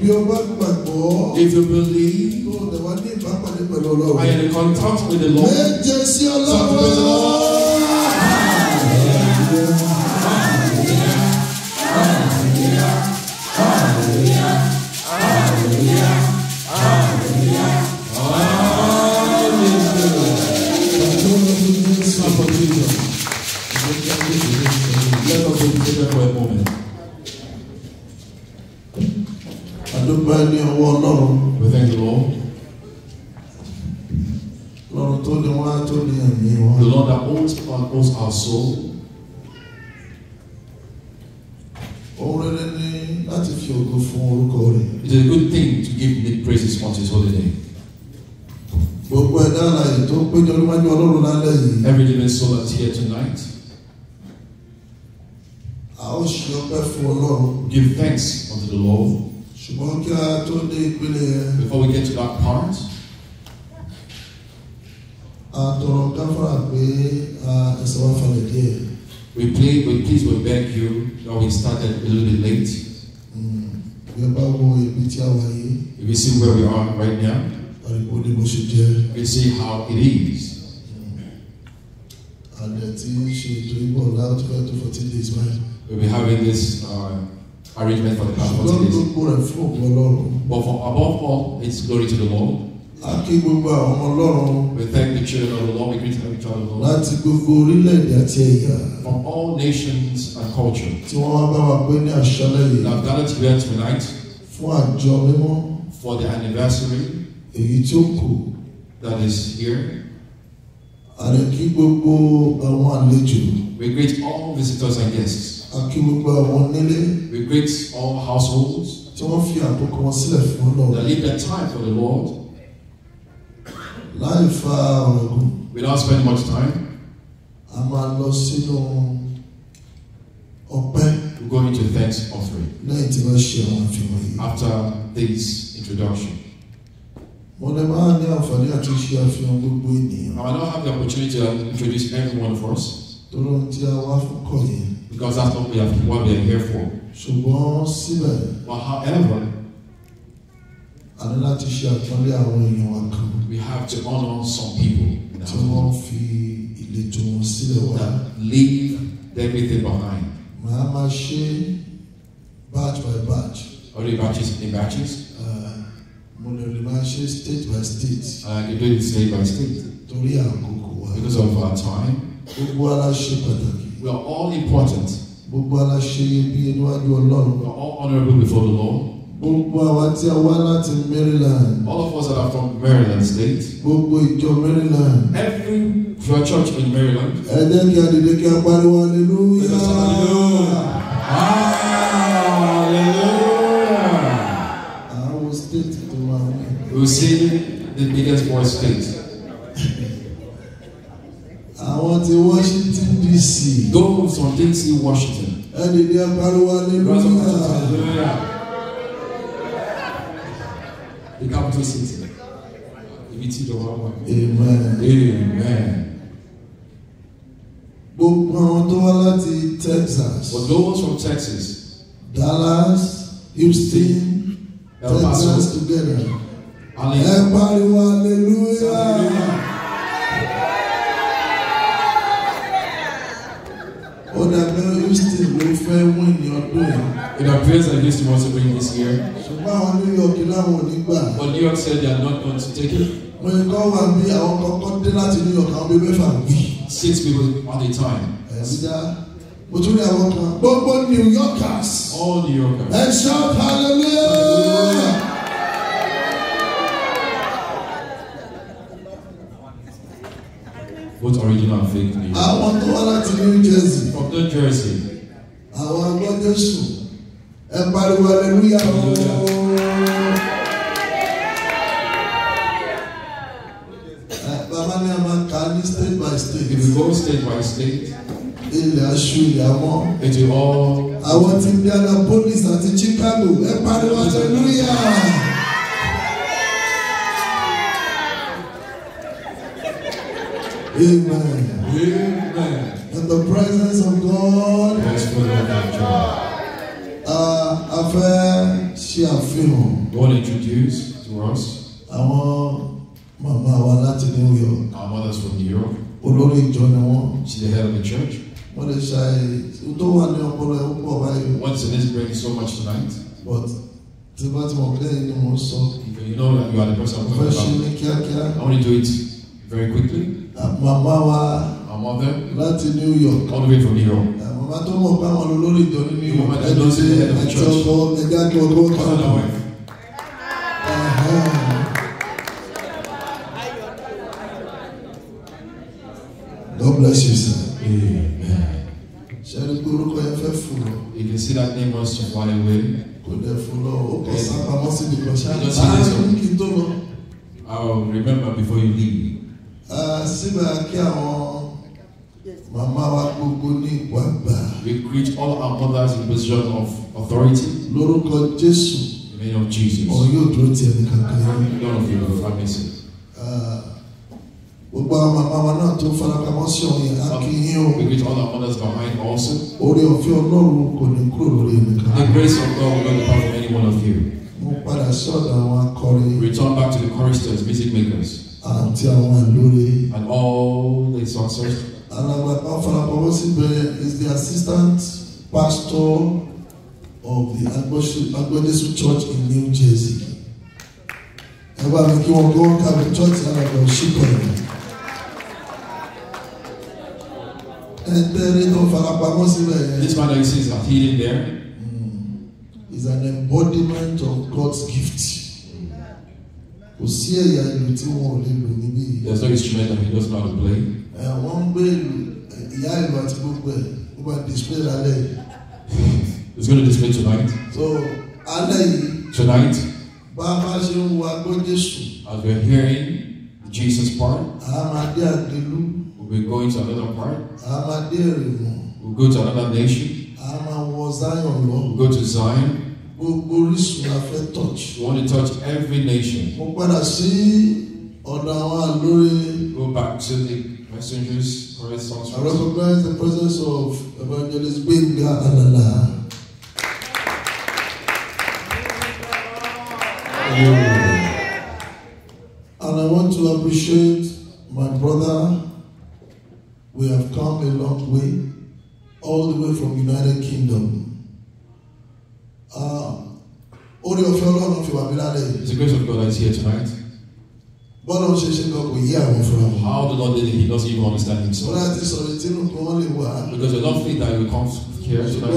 Your brother àtọ̀rọ̀ gáfárà pé ẹ̀ṣẹ̀ wa falẹ̀ díẹ̀. we play we please we beg you that we started a little bit late. bí hmm. a bá wo ibi tí a wà yìí. if you see where we are right now. àríkò ni mo ṣe jẹ́. you see how it is. àdẹ̀ hmm. tí ṣe ètò ìbọ̀ láti fẹ́ tó fourteen days báyìí. we be having this. Uh, Arrangement for the past fourteen days. But for above all, it's glory to the Lord. Akí gbogbo àwọn Ọlọ́run. We thank the children of the Lord. We greet every child of the Lord. Láti gbogbo orílẹ̀-èdè àti ẹ̀yà. From all nations and cultures, Tí wọ́n wá bá wa pé ní àṣálẹ́ yìí. We have gathered together tonight. Fún àjọ mímọ́. For the anniversary. Èyí tí ó kù. That is here. Àrẹ kí gbogbo àwọn àlejò. We greet all visitors and guests. A kí gbogbo àwọn nílé. We greet all households. Tí wọ́n fi àkókò wọn sílẹ̀ fún Ọlọ́run. That leave their time for the Lord láì fa um, without spending much time. a máa lọ sínú ọpẹ́. we go into thanks offering. lẹ́yìn tí wọ́n ṣe àwọn àfihàn yìí. after this introduction. mo lè máa ní àǹfààní àti ṣe àfihàn gbogbo ènìyàn. I don't have the opportunity to introduce everyone for us. tóró tí a wá yẹn. because that's what we have what we are here for. ṣùgbọ́n síbẹ̀. but however a láti ṣe àpọ́nlé àwọn èèyàn wa kan. we have to honour some people. tí wọ́n fi ìletò wọn sílẹ̀ wá. leave everything behind. màá máa ṣe batch by batch. only batches in batches. Uh, mo lè rí máa ṣe state by state. I uh, can do it state by state. torí àkókò wa. because of our time. gbogbo ara ṣe pàtàkì. we are all important. gbogbo ara ṣe iyebíye níwájú Ọlọ́run. we are all honourable before the Lord. Gbogbo àwa tí a wá láti Maryland. All of us that are from Maryland state. Gbogbo ìjọ Maryland. Every your church in Maryland. Ẹ jẹ́ kí a dìde kí a pariwo hallelujah. Hallelujah. Àwọn state tó máa ń We will sing the biggest boy state. Àwọn ti Washington DC. Those from DC Washington. Ẹ dìde a pariwo hallelujah the to city ibi tí ìjọba wà. amen. gbogbo àwọn tó wá láti Texas. for those from Texas. Dallas Houston Texas together. ẹ pariwo hallelujah. ó dàgbà Houston ló fẹ́ wọ́n ní ọdún yìí. In our prayers like this, you want to bring this year. But New York said they are not going to take it. Mo ní kọ́ wà bí àwọn kọ́kọ́ dé láti New York àwọn bíi mẹ́fà bí. Six people at a time. Ẹ̀sìdá. Mo tún rí àwọn kan. Gbogbo New Yorkers. All New Yorkers. Ẹ shout hallelujah. Both original and fake New York. Àwọn tó wá láti New Jersey. From New Jersey. Àwọn agbọ́jọ́sùn ẹ pariwo aleluya ooo. bàbá ní a máa ka ní state by state. if you go state by state. ilẹ̀ aṣọ ìyàmọ́. ètò ọ̀. àwọn ti Indianapolis àti Chicago ẹ pariwo aleluya. Amen. Amen. In the presence of God. Yes, God a fẹ́ ṣe àfihàn. We want to introduce to us. Àwọn màmá wa láti New York. Our mothers from New York. Olórí ìjọ ni wọ́n. She's the head of the church. Wọ́n lè ṣàì tó wà ní ọpọlọ ẹ̀ púpọ̀ báyìí. What's in this brain so much tonight? But tí bá ti mọ̀ pé ẹ̀yin ni mò ń sọ. You know that you are the person I'm talking about. Fẹ́ ṣe ní kíákíá. I want to do it very quickly. Màmá wa. Our mother. Láti New York. All the way from New York bàbá tó mọ̀ pé àwọn olórí ìjọ nínú ìwọ̀n ẹjọ́ sí ẹjọ́ ọkọ ẹjọ́ àti ọkọ ọkọ. God bless you, sir. Amen. Ṣé ẹni see that name wants to fly away. Kò dẹ̀ fún lọ, ó kọ sápamọ́ sí ibi kan ṣáájú. Ṣáájú kí n tó lọ. I will remember before you leave. Ah, síbẹ̀ kí àwọn. Màmá wa gbogbo ní ìwà gbà. We greet all our mothers in position of authority. Lórúkọ Jésù. In the name of Jesus. Òun yóò dúró ti ẹni kankan yẹn. None of you will find me safe. Gbogbo àwọn màmá wa náà tó farapamọ́ sí ọ̀hún yẹn, a kì í yín o. We greet all our mothers behind also. Orí ọ̀fẹ́ Ọlọ́run kò ní kúrò lórí ẹnìkan. The grace of God will not depart from any one of you. Mo padà sí ọ̀dọ̀ àwọn akọrin. Return back to the choristers, music makers. Àti àwọn àlórí. And all the successors. Alàgbà Kafara Bowosibere is the assistant pastor of the Agbodesu Church in New Jersey. Ẹ mi kí wọ́n gbọ́ kàbí church Alàgbà Òṣìkọ̀yìn. Ẹ̀ẹ́dẹ́rẹ́ tó farapamọ́ síbẹ̀ This man that you see is not healing there. Hmm. is an embodiment of God's gift. Kò sí ẹ̀yà ìlú tí wọn ò lè lò níbí. There is no instrument that he does not play. wọ́n ń gbé ìyá ìlú àti gbogbo ẹ̀ ó bá display lálẹ́ yìí. it's gonna display tonight. so alẹ́ yìí. tonight. bá a bá ṣe ń wo agbó Jésù. as we are hearing Jesus part. a máa dé àgbélú. we will be going to another part. a máa dé èrèwọ̀n. we will go to another nation. a máa wọ Zion lọ. we will go to Zion. gbogbo orísun la fẹ́ touch. we want to touch every nation. mo padà sí ọ̀dọ̀ àwọn àlórí. go back to the Messengers, praise songs. I recognize the presence of Evangelist Benga Anala. And I want to appreciate my brother. We have come a long way, all the way from United Kingdom. Uh, ah, It's the grace of God that is here tonight bọ́lá ń ṣe ṣe kò yí àwọn fúnra wọn. how the lord did he doesn't even understand himself. wọ́n láti sọ̀rọ̀ ìtinú kan wọ́n lè wà. because they don't think that you come here. ṣùgbọ́n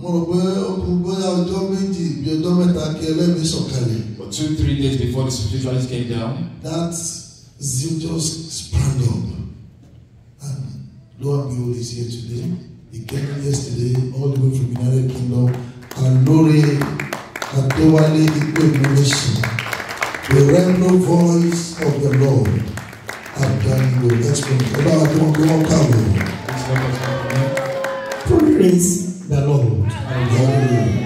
mo rò pé okùn bóyá ọjọ́ méjì bí ọjọ́ mẹ́ta kí ẹlẹ́mìí sọ̀kalẹ̀. but two three days before the spiritualist came down. that zeal just sprang up and lo and behold he is here today he came yesterday all the way from United Kingdom and lórí àtọ́wálé ìpè ìmúlẹ̀ sùn. The random voice of the Lord have done good. Let's go. Praise the Lord. Hallelujah.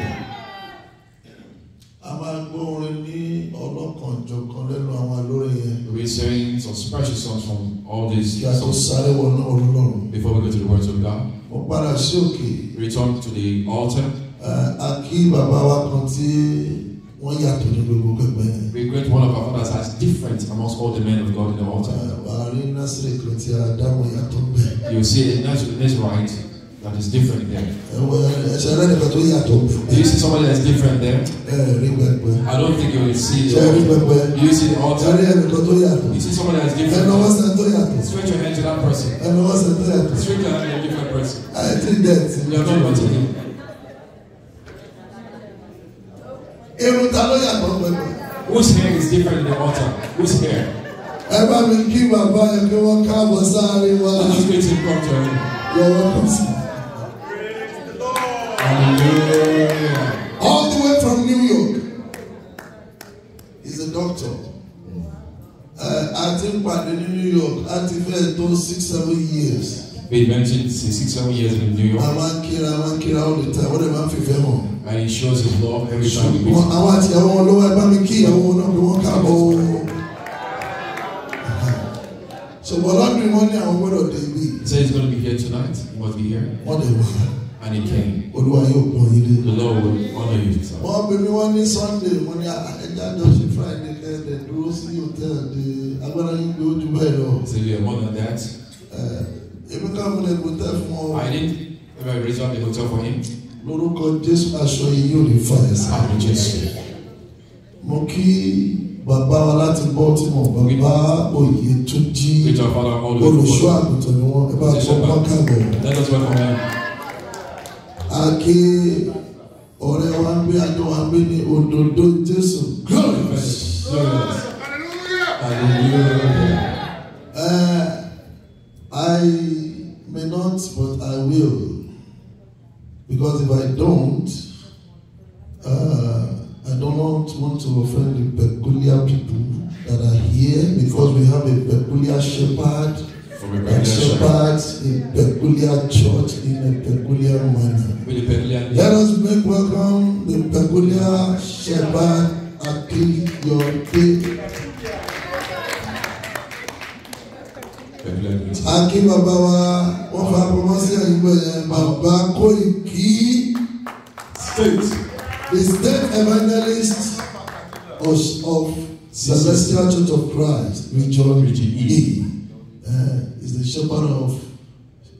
We sing some special songs from all these songs before we go to the words of God. Return to the altar wọ́n yàtọ̀ ní gbogbo pẹpẹ. we greet one of our fathers as different amongst all the men of God in the altar. àárín násìrè kìrìtì àdámọ̀ yàtọ̀ bẹ́ẹ̀. you see a nurse with right that is different there. ẹ̀wọ̀ ẹ̀ṣẹ̀ rẹ̀ nìkan tó yàtọ̀. do you see somebody that is different there. ẹ rí pẹpẹ. I don't think you will see. ṣe rí pẹpẹ. do you see the altar. ẹ rí ẹnìkan tó yàtọ̀. you see somebody eh, that is different. ẹnu wọ́n tó yàtọ̀. stretch your hand to that person. ẹnu wọ́n tó yàtọ̀. stretch your hand to a different person. I treat that. you are not watching him. irun ta ló yàtọ̀ pẹ̀lú. whose hair is different than the water whose hair. ẹ bá mi kí bàbá yẹn kí wọ́n káàbọ̀ sáré wa. let us greet him come to him. you are welcome sir. all the way from New York he's a doctor. Eh, a ti ń pàdé ní New York a ti fẹ́ tó six seven years. we mentioned six seven years in New York. a máa ń kíra a máa ń kíra all the time wọ́n dẹ̀ máa ń fìfẹ́ hàn. And he shows his love every time we meet. Àwọn àti ìyàwó wọn lọ́wọ́ ẹ bá mi kí ìyàwó wọn náà bí He said he's gonna be here tonight. He must be here. Wọ́n dẹ̀ wá. And he came. The Lord will honour you. Wọ́n bí Sunday, wọ́n ní ah, Friday kẹ́ẹ̀dẹ̀ dúró sí hòtẹ́ẹ̀lì agbára yín lójú bẹ́ẹ̀ lọ. He said more than that. Eh, èmi I did ever reserve the hotel for him lórúkọ jésù aṣọ yìí yóò lè fà ẹ́ sáà jésù mo kí bàbá wa láti baltimore bàbá òye tó jí olùṣọ́ àgùntàn ni wọ́n bá tó bá kàgbọ̀. a kí ọ̀rẹ́ wa ń gbé adó wa gbé ní òdòdó jésù eh, I may not, but I will. Because if I don't, uh, I do not want to offend the peculiar people that are here because we have a peculiar shepherd that shepherds a peculiar church in a peculiar manner. Let us make welcome the peculiar shepherd your Akinyoke. akí bàbá wa wọ́n fa promosi àyùgbọ́ yẹn eh, bàbá Kóìkí state the state evangelist of of Celestial Church of Christ Richard E uh, is the shepherd of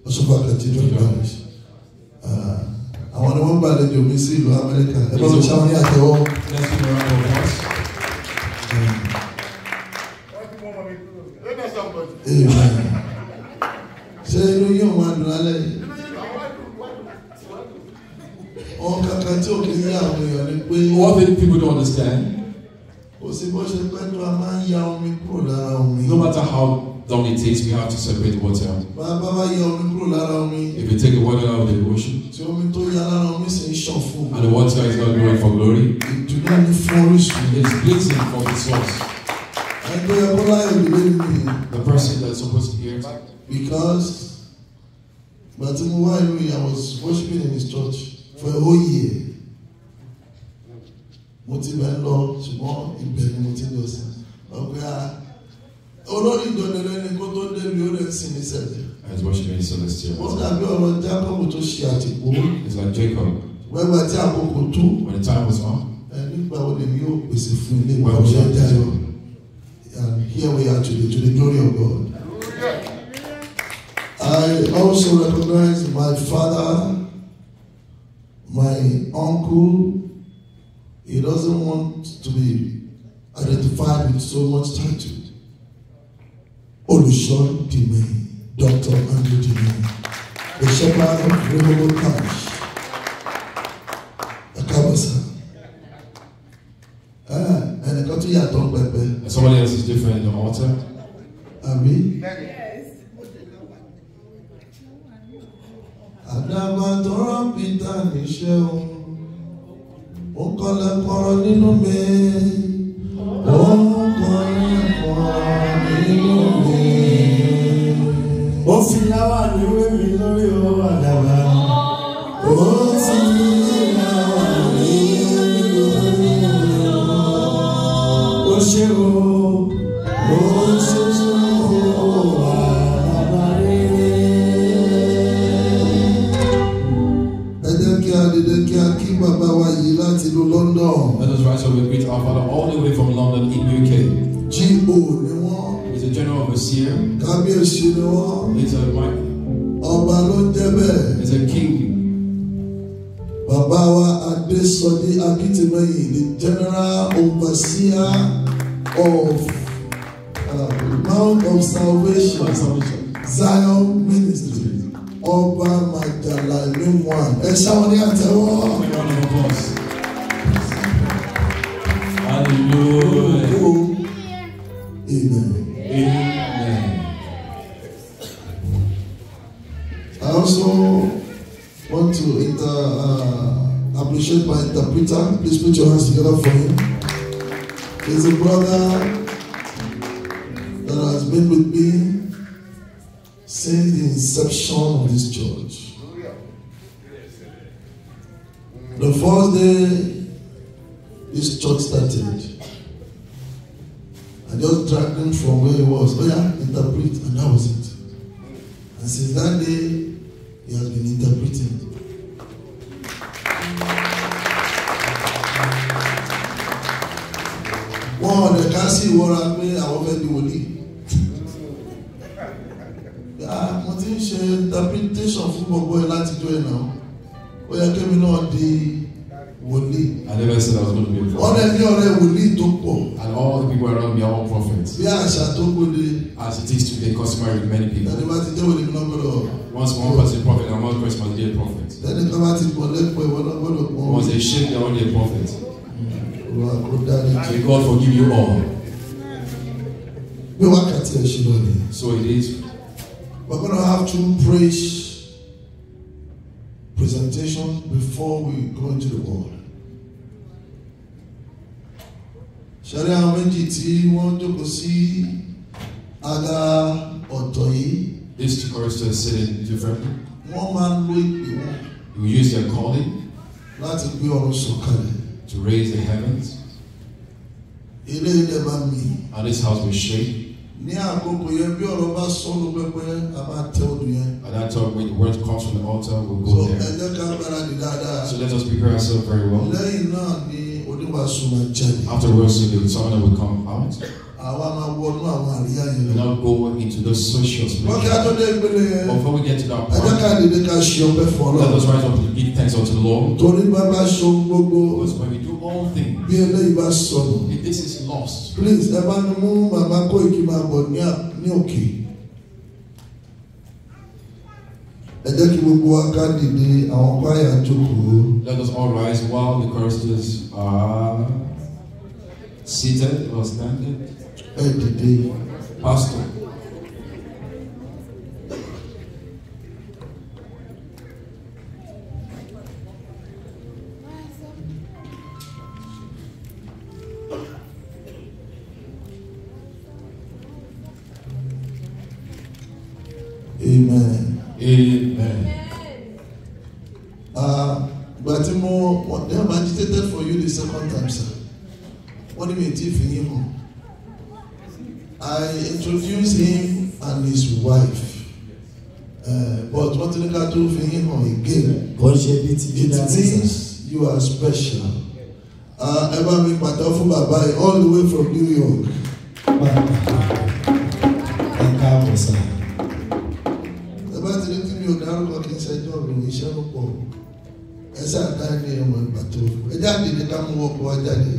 Osopa Cathedral Parish àwọn ni wọ́n gbàlejò mi sí ìlú Amẹ́ríkà ẹ bá mi ṣáwọn ní àtẹ́wọ́. Amen. What people don't understand. No matter how long it takes, we have to separate water. Bàbá If you take the water out of the ocean. And the water is not going for glory. It is blessing from the source. The person that is supposed to be here. Because. But in Waiwi, I was worshiping in his church for a whole year. Mo ti bẹ̀ ń lọ ṣùgbọ́n ibẹ̀ ni mo ti lọ sí. Ọ̀gá ah, olórí ìdọ̀nẹ̀rẹ́ ni kó tó débi ó rẹ̀ sí ní sẹ́lẹ̀. I was watching many Sundays too. Wọ́n dàbí ọ̀rọ̀ Jacob tó ṣe àtìkú. It's like Jacob. Wẹ́gbà tí àkókò tó. When the time was on. Nígbà wo lèmi yóò pèsè fún ilé ìwà ọ̀ṣẹ́ jáde? And here we are today to the glory of God. I also recognize my father, my uncle. He doesn't want to be identified with so much title. Olushon Dime, Dr. Andrew Dime, the shepherd of Rehoboth Parish. Ah, Somebody else is different in the altar. mean. àdàbà tọrọ peter níṣẹ́ o ó kọ́ lẹ́kọ̀ọ́ nínú mi ó kọ́ lẹ́kọ̀ọ́. was here. Kábíyèsí ni wọ́n. It's a right. Ọba ló jẹ́ bẹ́ẹ̀. It's a king. Bàbá wa Adésọdé Akíntìmẹ́yìn ni General Overseer of uh, Mount of Salvation, Salvation. Zion Ministry. Ọba Màjàlá ìlú Mwan. Ẹ ṣáwọn ní àtẹ́wọ́. Hallelujah. Amen. also want to inter, uh, appreciate my interpreter. Please put your hands together for him. He's a brother that has been with me since the inception of this church. The first day this church started, I just dragged him from where he was. Oh yeah, interpret, and that was it. And since that day, He has been interpreting. Wọ́n ọ̀dẹ̀ ká sí ìwọ́ra pé àwọn fẹ́ di wòlíì. Ah, mo ti ń ṣe interpretation fún gbogbo ẹ láti jọ ẹ̀ náà. Ó yẹ kémi náà di. wòlíì. and every person that was going to be a prophet. ọ̀rẹ́ mi ọ̀rẹ́ wòlíì tó pọ̀. and all the people around me are all prophets. bí àṣà tó gbòde. as it is today customary with many people. ẹni bá ti jẹ́ wòlíì náà once one person is prophet another person must be a prophet. ẹni bá ti pọ̀ lẹ́pọ̀ ìwọ náà pọ̀. was a shame they only a prophet. olùwà kó dárí. may God forgive you all. bí wákàtí ẹ̀ ṣe lọ so it is. we are gonna have to praise. presentation before we go into the world. ṣẹlẹ̀ àwọn méjì tí wọ́n jókòó sí aga ọ̀tọ̀ yìí. These two choristers sitting different. Wọ́n máa ń lo ìpè wọn. You use their calling. Láti gbé ọ̀run sọ̀kalẹ̀. To raise the heavens. Ilé ilẹ̀ bá mi. And this house will shake ní àkókò yẹn bí ọ̀rọ̀ bá sọ́nù pẹ́pẹ́ a tẹ odò yẹn. at that time when the word comes from the altar we we'll go so, there. so ẹ jẹ́ ká gbáradì dáadáa. so let us prepare ourselves very well. lẹ́yìn náà ni oníwàásù máa afterwards the summoner will come out. àwa máa wọnú àwọn àríyá yẹn. we now go into the social space. wọ́n kí á tó dé ìpele yẹn. before we get to that part. ẹ jẹ́ ká dìde ká ṣe ọpẹ́ fún let us rise up to give thanks unto the Lord. torí bá bá so gbogbo. because when we do all things. Bí eléyìí bá sọnù. If this is lost. Please ẹ bá ní mú màmá kó ìkí máa bọ̀ ní òkè. Ẹ jẹ́ kí gbogbo wa ká dìde àwọn kwaya jókòó. Let us all rise while the choristers are seated or standing. Ẹ dìde. Pastor. are special. Uh, ẹ bá mi pàtó fún bàbá yìí all the way from New York. Thank you. sá. Ẹ bá ti rí tí mi ò dárúkọ kí n ṣẹjọ́ mi ní iṣẹ́ púpọ̀. Ẹ sáà dá ní ẹ̀wọ̀n ìgbà tó. Ẹ jáde ní ká mú ọkọ̀ wá jáde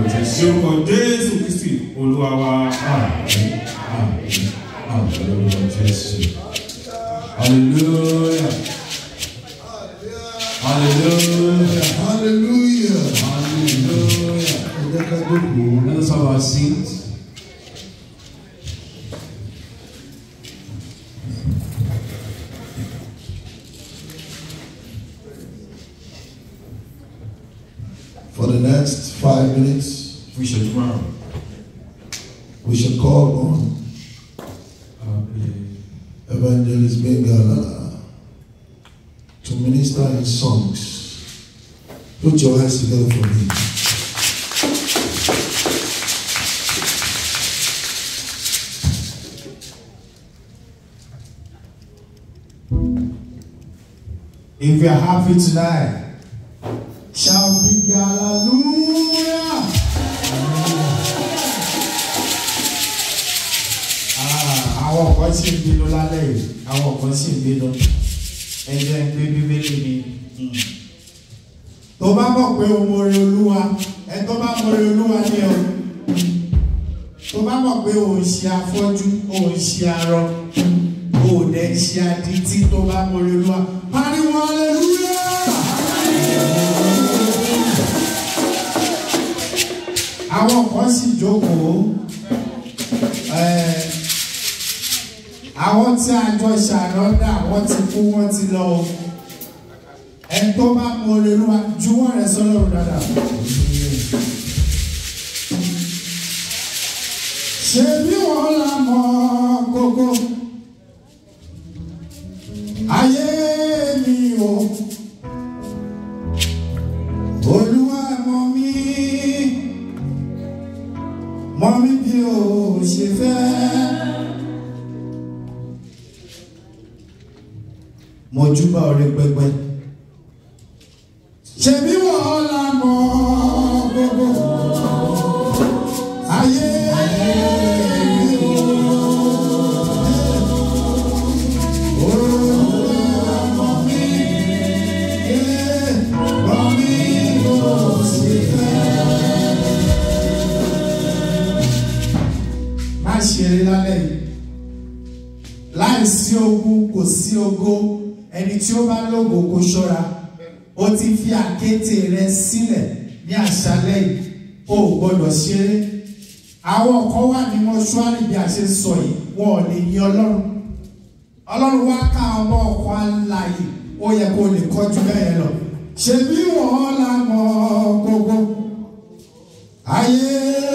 aconteceu Evangelist Bengala to minister in songs. Put your hands together for me. If you're happy tonight, shout big hallelujah. kan sì ń bínú lálẹ́ yìí àwọn kan sì ń bínú ẹ jẹ́ ń gbé bíbélì mi. tó bá mọ̀ pé o mọ̀rẹ́ olúwa ẹ tó bá mọ̀rẹ́ olúwa ní ọ tó bá mọ̀ pé o ń ṣe afọ́jú o ń ṣe arọ o ò dẹ̀ ń ṣe adití tó bá mọ̀rẹ́ olúwa pariwo aleluya. àwọn kan sì jókòó àwọn tí a jọ ṣàlọ́dà wọ́n ti kú wọ́n ti lọ ẹ tó bá mọ olórí wa juwọ́ rẹ sọ́lọ́run dáadáa. ṣe bí wọ́n la mọ̀ kókó ayé mi ò. ojúbà orí pẹpẹ ṣebí ní àṣálẹ́ yìí o ò gbọ́dọ̀ ṣeré àwọn kan wà ní mọ́ṣúárì bí a ṣe sọ yìí wọn ò lè yin ọlọ́run ọlọ́run wá ká ọmọ ọkọ̀ aláyè ó yẹ kó lè kọjú bẹ́ẹ̀ lọ ṣebí wọn la mọ̀ gbogbo ayé.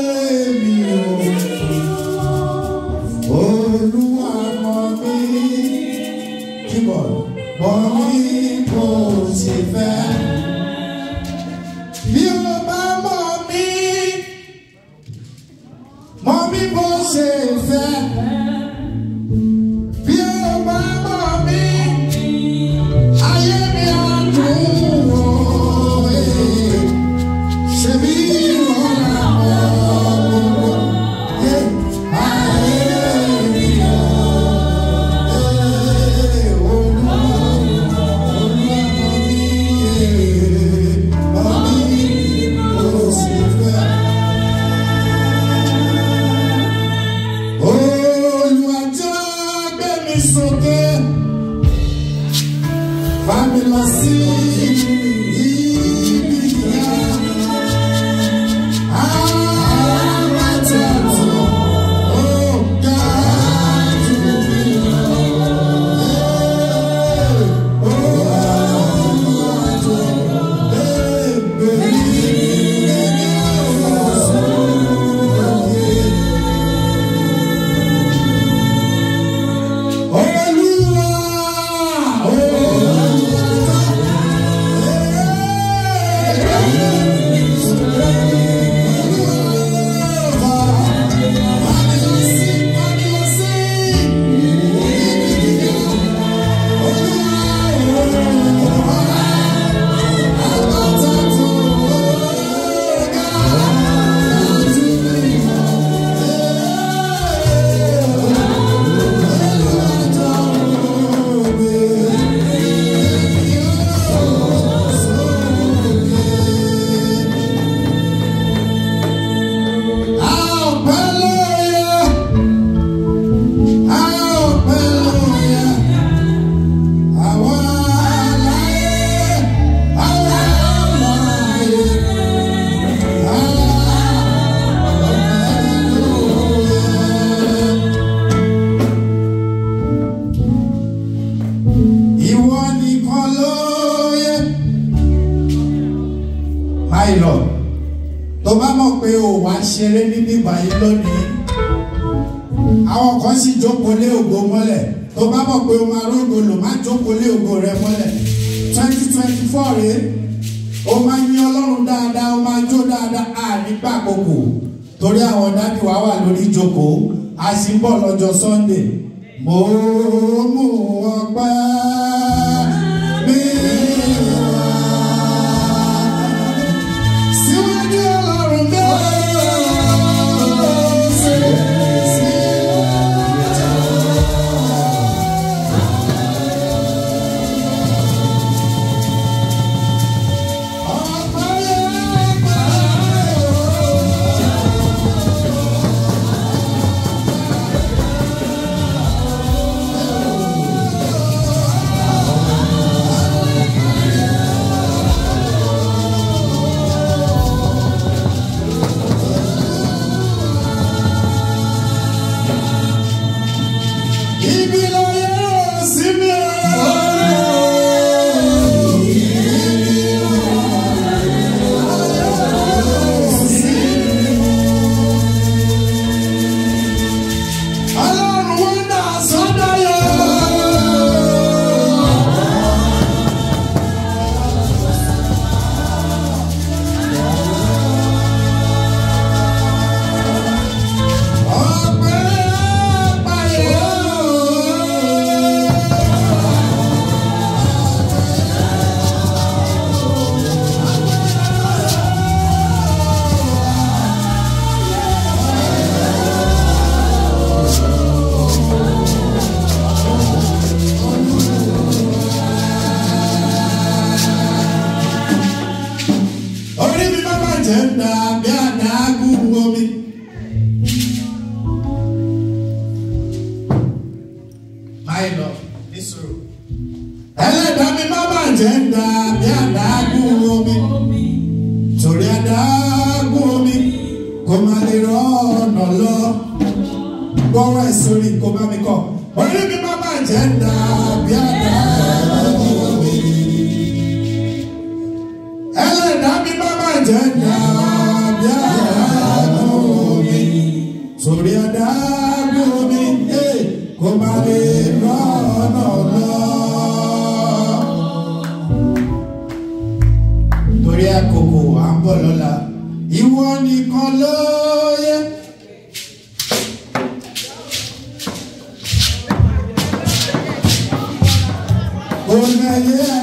yeah.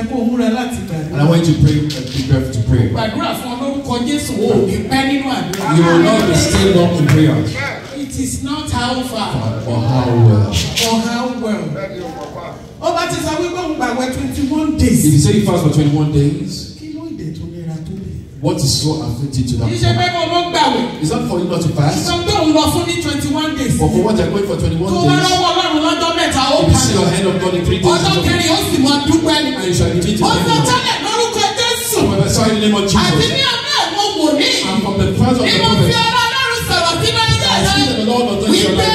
yẹ kó múra láti gbàdúrà. and I want you to pray and uh, prepare to pray. gbàdúrà fún olórúkọ Jésù o oh. ní pẹ́ nínú àdúrà. you will not be still long in prayer. it is not how far. or how well. or how well. ó bá ti sọ wípé òun gbàgbẹ́ twenty one days. if you say you fast for twenty one days. What is so affected to that? Is that for you not to fast. Ìṣọ́ pé òun lọ twenty one days. But for what you going for twenty one days mẹ́ta ó padà. you see your hand of God in three days. ọjọ́ kẹrin ó sì máa dúpẹ́ ni. and you shall begin to pray. ọjọ́ tẹ́lẹ̀ lórúkọ Jésù. for the soil name of Jesus. àti ní àmì ẹ̀mọ́ wò ní. and from the first of the prophet. ìmọ̀ fi ọ̀rọ̀ Ọlọ́run sọ̀rọ̀ sí náà yẹ̀ rẹ̀. I see the Lord of the Lord. wípé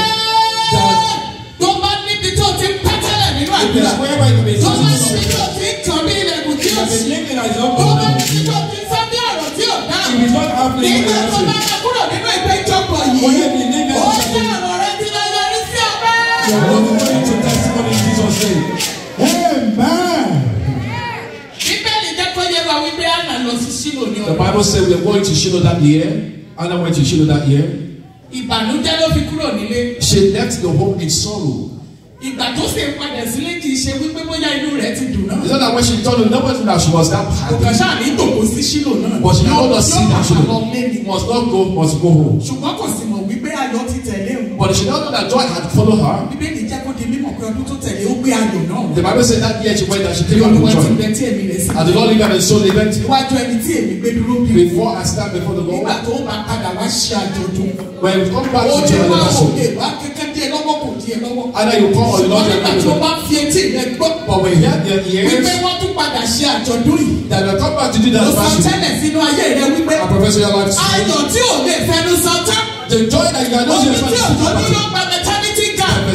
tó bá níbi tó ti pẹ́ tẹ́lẹ̀ nínú àgbà. tó bá níbi tó ti tọ̀ ní ilẹ̀ ìbùkún. nígbà tó bá kúrò nínú ìpéjọpọ̀ yìí. ó yẹ You're going to into The Bible says we are going to Shiloh that year. Anna went to Shiloh that year. She left the home in sorrow. It's not that when she told me nobody that she was that happy. But she no not see that she Yóò Must not go must go home. But she don't know that joy had followed her. Bíbélì jẹ́ kó di mímọ̀ pé ọdún tó tẹ̀lé ó gbé ayọ̀ náà. The Bible said that year she went and she came back with joy. Ìgbẹ́ tí èmi rẹ̀ sí. And the Lord leader and soul event. Iwájú ẹni tí èmi gbé dúró bí. Before I stand before the Lord. Nígbà tó bá padà wá ṣe àjọ̀dún. When you come back to your level. Ó ti wá òkè wá kẹ́kẹ́ díẹ̀ lọ́wọ́ kò díẹ̀ lọ́wọ́. Either you come or you don't get married. Ṣùgbọ́n nígbà tó bá fi etí rẹ̀ gbọ́. But when you hear their padà ṣe àjọ̀dún yìí. That you come back to do that. Mo sọ tẹ́lẹ̀ sínú ayé rẹ wípé. A professor your life. Ayọ̀ tí ò lè fẹnu sọ tán the joy that you are not your father. omi tí òjò dúró pa maternity gap.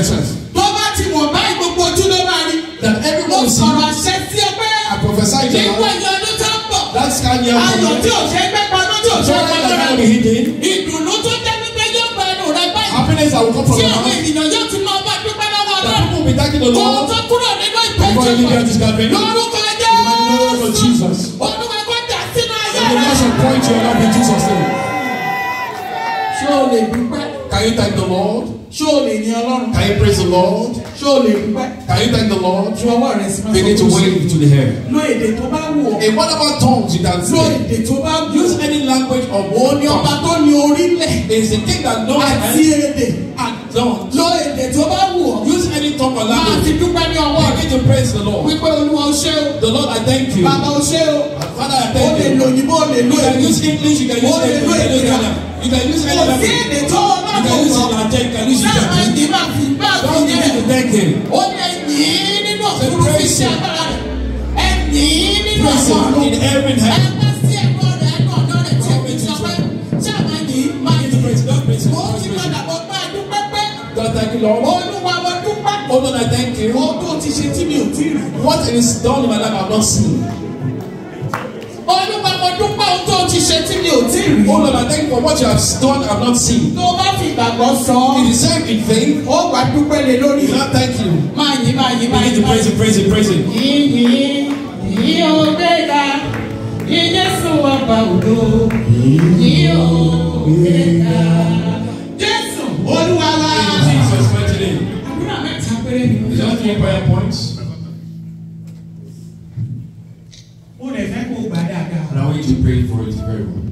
bó bá ti wọ̀n báyìí gbogbo ojú ló máa rí. that everyone will see. ọ̀rọ̀ àṣẹ sí ẹ pé. I prophesy to you. nígbà yẹn ọdún tó ń bọ̀. that scan yẹn wọ̀. ayọ̀ tí ò ṣe gbẹ́ pamọ́ tí ò ṣe gbẹ́ pamọ́. ìdùnnú tó jẹ́ pípẹ́ yóò gba ẹnu rẹ báyìí. happiness that will come from your heart. tí àwọn ènìyàn yóò ti máa bá dúpẹ́ lọ́wọ́ náà. people be thanking the Lord. kò tó kúrò nínú ìpẹ́jọ. lórúkọ jẹ́ Jesus. Olúwa kó dà sínú ayé rẹ. the nation point your love in Jesus name ṣé o lè dúpẹ́. Can you thank the Lord? Ṣé o lè ní Ọlọ́run? Can you praise the Lord? Ṣé o lè dúpẹ́? Can you thank the Lord? Ju ọwọ́ rẹ sí. They need to wait to the hair. Lo èdè tó bá wù ọ́. In whatever tongues you can speak. Lo èdè tó bá wù ọ́. Use any language of one. Òní ọba tó ní orílẹ̀. There is a that no one can. èdè. Àdán. Lo èdè tó bá wù ọ́. Use any tongue or language. Máa ti dúpẹ́ ní ọwọ́ rẹ. Begin to praise the Lord. Wípé Olúwa o ṣé o. The Lord I thank you. Bàbá o ṣé o. Father I thank you. O lè lo òyìnbó, o lè lo èdè. You can use English, you can use English. O lè lo èdè. You can use any language. You can use your language. You can use your language. Don't give it to thank him. So praise him. Praise him in heaven and heaven. God thank you Lord. Olúwa mo dúpẹ́. Oh Lord I thank you. Ohun tó ti ṣe tí mi ò tí rí. What is done in my life I have not seen. Olúwa ti ṣe tí mi ò tí rí. Hold oh, on and thank you for what you have done and not seen. Tó o bá fi ìgbàgbọ́ sọ. You deserve in vain. Ó wàá dúpẹ́ lé lórí. You not thank you. Máa yí máa yí máa yí. You to praise him praise him praise him. Yìnyín yìí ò gbéga yìí Jésù wà bá òdo yìí ò gbéga Jésù Olúwa wa. Jesus mighty name. Àdúrà mẹ́ta péré ni. Is that three prayer points? actually prayed for it very well.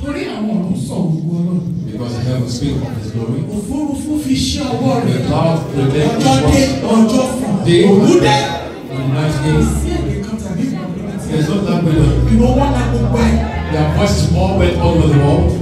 Torí àwọn ọ̀run sọ òwúwo náà. Because the heaven speak of his glory. Òfurufú fi ṣe ọwọ́ rẹ̀. The cloud prevail his work. Ọjọ́ dé ọjọ́ fún. Day òwú dé. On the night day. Sí èdè kan tàbí ìwọ̀n. There is no time period. Ìwọ̀n wọn na gbogbo ẹ̀. Their voices all went all over the world.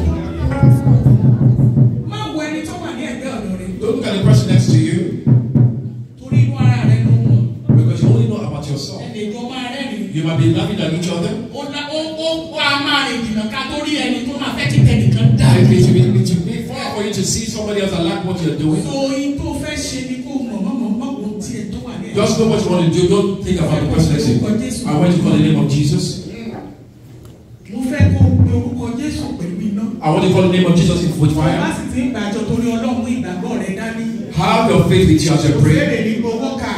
what you doing. so tó fẹ́ ṣe ni kó mọ̀ mọ́ mọ́ mọ́ ohun tí tó wà ní just know what you want to do don't think about the person next to you I want you to call the name of Jesus. mo fẹ́ kó pe orúkọ Jésù pẹ̀lú iná. I want you to call the name of Jesus in full fire. ọba sì ti ń gbàjọ torí Ọlọ́run ìgbàgbọ́ rẹ dání. have your faith with you as you pray. òṣèré ni gbowó kà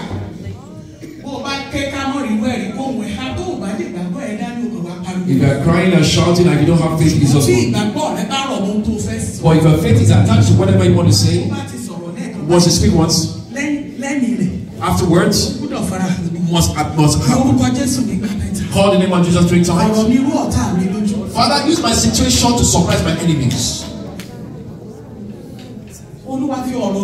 bó o bá ké kámọ́ rí wẹ́ẹ̀rí kó tó o bá lè gbàgbọ́ ẹ̀ dání o wá pariwo. if you are crying and shouting like you don't have faith Jesus. mo But if your faith is attached to whatever you want to say, once you speak once, afterwards, must must happen. Call the name of Jesus three times. Father, use my situation to surprise my enemies.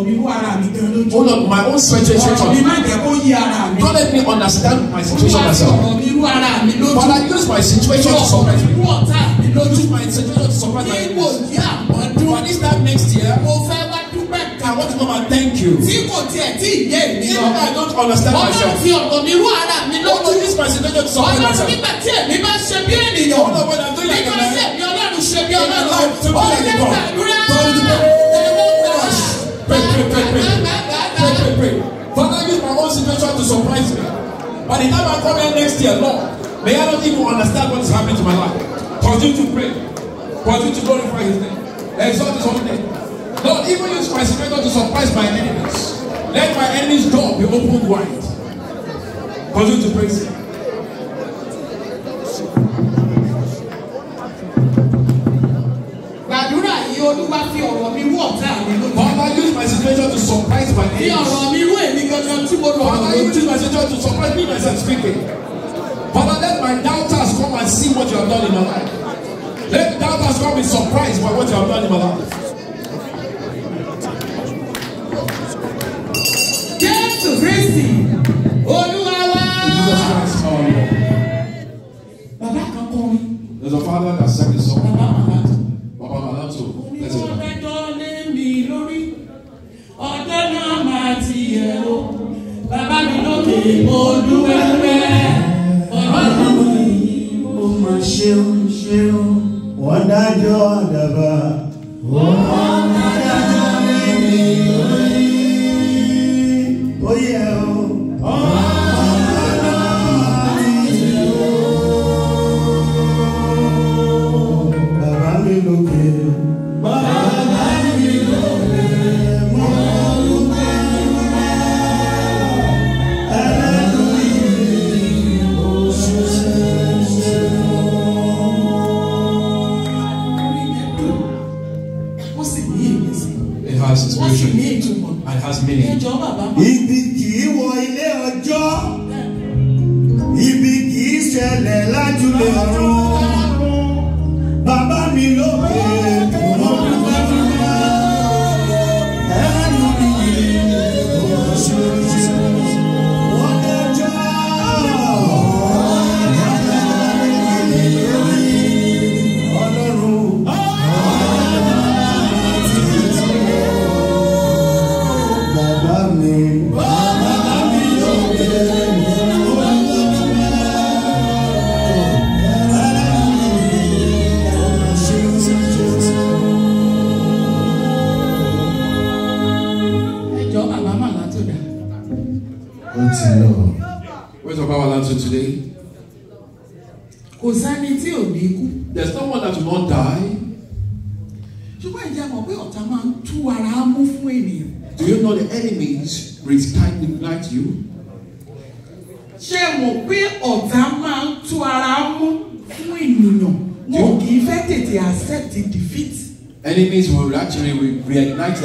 mi wú ara mi gan lójú. hold on my own situation. ọ̀rọ̀ mi má jẹ́ kó yí ara mi. don't let me understand my situation myself. ọ̀rọ̀ mi wú ara mi lójú. but I use my situation to surprise you. ọ̀rọ̀ mi wú ọ̀tá mi lójú. use my situation to surprise you. kí mo yí àpọ̀dún. for this time next year. mo fẹ́ wá dúpẹ́ I want to come and thank you. tí kò tiẹ̀ tí ìyé mi. so I don't understand myself. ọlọ́run fi ọ̀rọ̀ mi wú ara mi lójú. what is my situation to surprise myself. ọlọ́run nígbà tí èmi bá ṣe bí ènìyàn. ọlọ́run nígbà tí èmi ọlọ́run ṣe bí ọlọ́run. ọlọ́run nígbà tí èmi ọlọ́run ṣe bí ọlọ́run. Pray, pray, pray, pray. Pray, pray, pray. Father, use my own situation to surprise me. By the time I come here next year, Lord, may I not even understand what is happening to my life. Continue to pray. Continue to glorify His name. Exalt His holy name. Lord, even use my situation to surprise my enemies. Let my enemies' door be opened wide. Continue to praise Him. olúwa fi ọ̀rọ̀ mi wú ọ̀tá mi lójú. Father use my situation to surprise my enemies. Fi ọ̀rọ̀ mi wú èmi gangan tí mo lọ. Father use my situation to surprise me myself speaking. Father let my doubters come and see what you have done in my life. Let doubters come be surprised by what you have done in my life. Jésù Kristi, Olúwa wá. Jesus Christ, our Lord. Bàbá kan kọ́ mi. There's a father that sang a song. ṣeun ṣeun wọ́n dájọ́ àdàbà.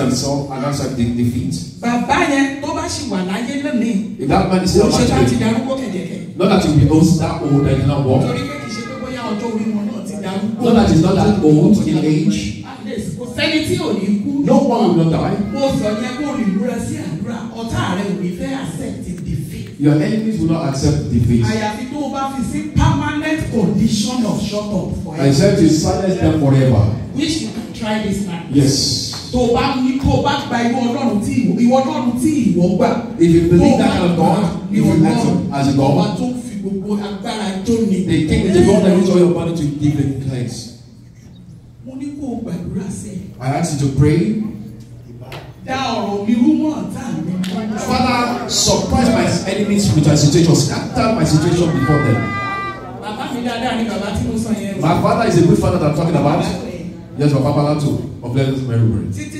themselves and answer the defeat. Bàbá yẹn tó bá ṣì wà láyé lónìí. If that man is still alive today. Òṣèlú àti darúgbó kẹ̀kẹ̀kẹ̀. Not that he will be old that old and not walk. Torí pé kì í ṣe pé bóyá ọjọ́ orí wọn náà ti darúgbó. Not that he is not that old in age. At least kò sẹ́ni tí ò ní kú. No one will not die. Mo sọ yẹn kó rìnrúra sí àdúrà ọ̀tá rẹ̀ ò ní fẹ́ accept defeat. Your enemies will not accept defeat. Àyàfi tó o bá fi sí permanent condition of shut up forever. Except you silence them forever. Which you can try this time. Yes. Tó o bá mú tó bá gba ìwọ ọlọ́run tí ìwọ ìwọ ọlọ́run tí ìwọ gbà. if you believe that kind of God if you let as a God. ọba tó fi gbogbo agbára tó ní. the king is the God that uses all your body to give them place. mo ní kó o gbàdúrà sẹ́. I ask you to pray. dá ọ̀rọ̀ mi rú mọ́ ọ̀tá mi. Father, surprise my enemies with my situation. Scatter my situation before them. Bàbá mi dáadáa ni bàbá tí mo sọ yẹn. My father is a good father that I'm talking about. Yes, my papa too. Of blessings, Mary. Títí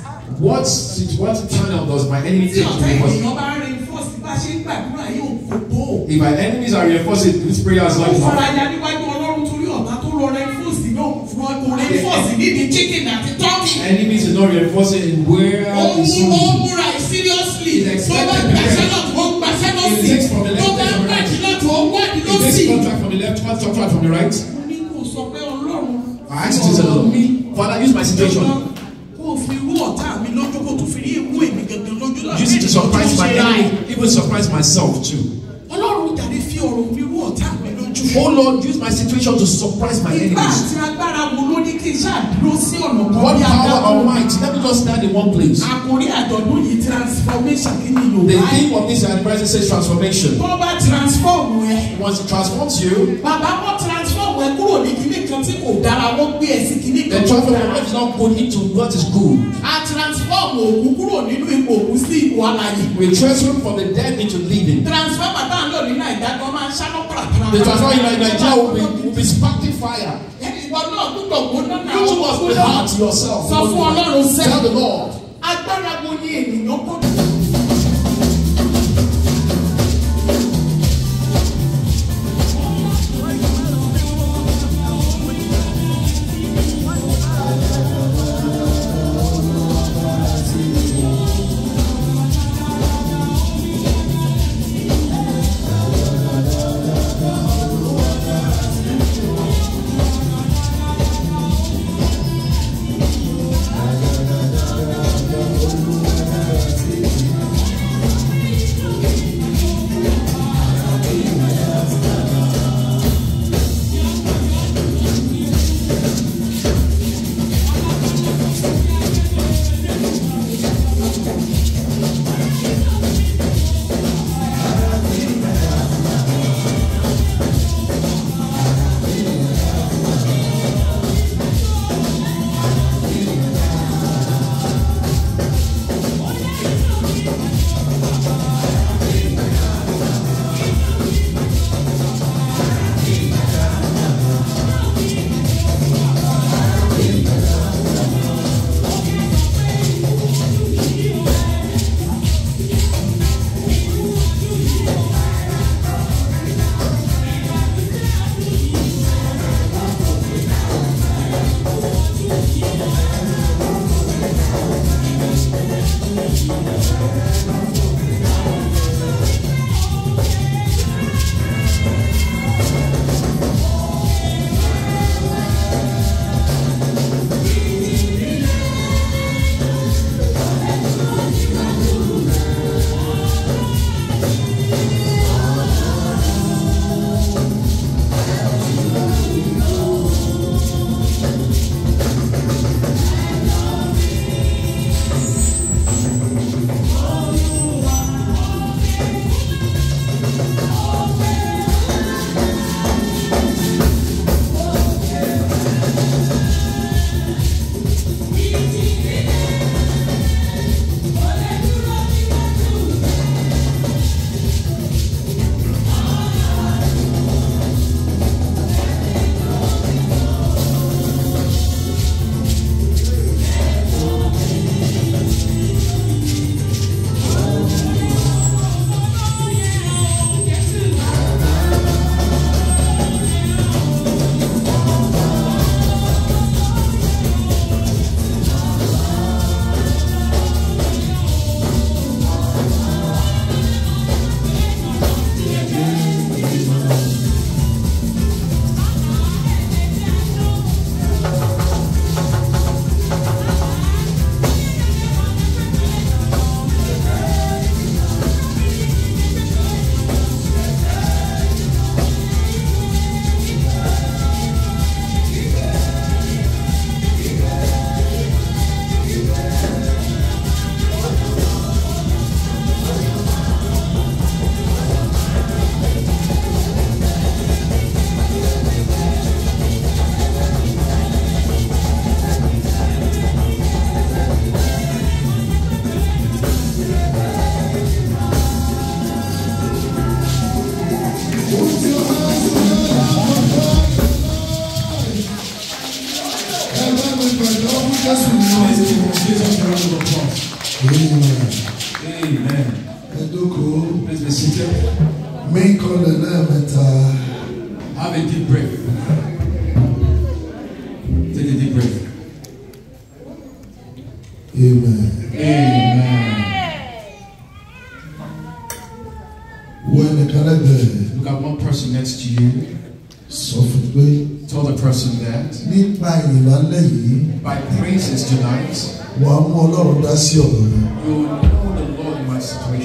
what what channel does my enemy take to reinforce it. if my enemies are reinforcing this prayer is like now. enemies are not reinforcing in where the soul is expected to be. it takes from the left it takes from the right it takes contract from the left contract from the right. I ask Jesus Father use my situation. use it to surprise my enemy even surprise myself too. ọlọ́run jàre fi ọ̀rọ̀ mi wọ ọ̀tá mi lójú. oh lord use my situation to surprise my enemy. ìgbà àti agbára wo ló ní kí n ṣáà dúró sí ọ̀nà kan bí adágún. one power of might let me just stand in one place. àkórí àjọ̀dún yìí transformation kí ni yorùbá. the theme of this enterprise says transformation. tó bá transform ẹ. once it transforms you. bàbá mo transform ẹ kúrò ní kí tí kò dára wọ́n gbé ẹ sí kìíní kan. the transfer of life is not put into what is good. a transform òkú kúrò nínú ipò òkú sí ipò alàyè. we transfer from the dead into living. transfer bàtà ń lò ní nàìjíríà máa ń ṣáná pàràpàrà. the transfer in nàìjíríà will be will be sparking fire. ìwọ náà gbúdọ̀ gbóná náà. you must be hard to yourself. sọ fún ọlọ́run sẹ́yìn. tell the lord. agbára wo ni ènìyàn gbọ́dọ̀. Amen. Amen. When the caliber, look at one person next to you. So tell the person that by praises tonight, wàá mú ọlọ́run dá sí ọ̀rọ̀ rẹ.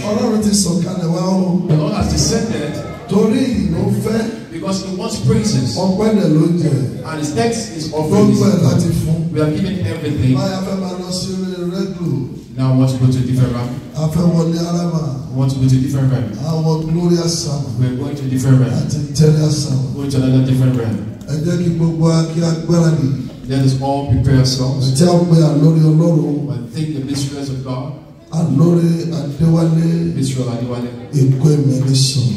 ọlọ́run ti sọ kalẹ̀ wá o. the Lord has descended. torí ìlú fẹ́. because he wants praises. ọpẹ́ lẹ̀ ló jẹ. and his text is offered. ló ń láti fún. we are giving everything. báyà fẹ́ máa lọ sí orí redo. Now I want to go to a different realm. A fẹ́ wọlé Arama. I want to go to a different realm. Àwọn glorious psalm. We are going to a different realm. Àti glorious psalm. We are going to another different realm. Ẹ jẹ́ kí gbogbo akí agbára ni. Let us all prepare ourselves. Ǹjẹ́ àwọn ọmọ àlórí Ọlọ́run? I think the mysteries of God. Àlórí Adéwálé. Mystery Adéwálé. Èkó ẹ̀mẹ́rin sùn.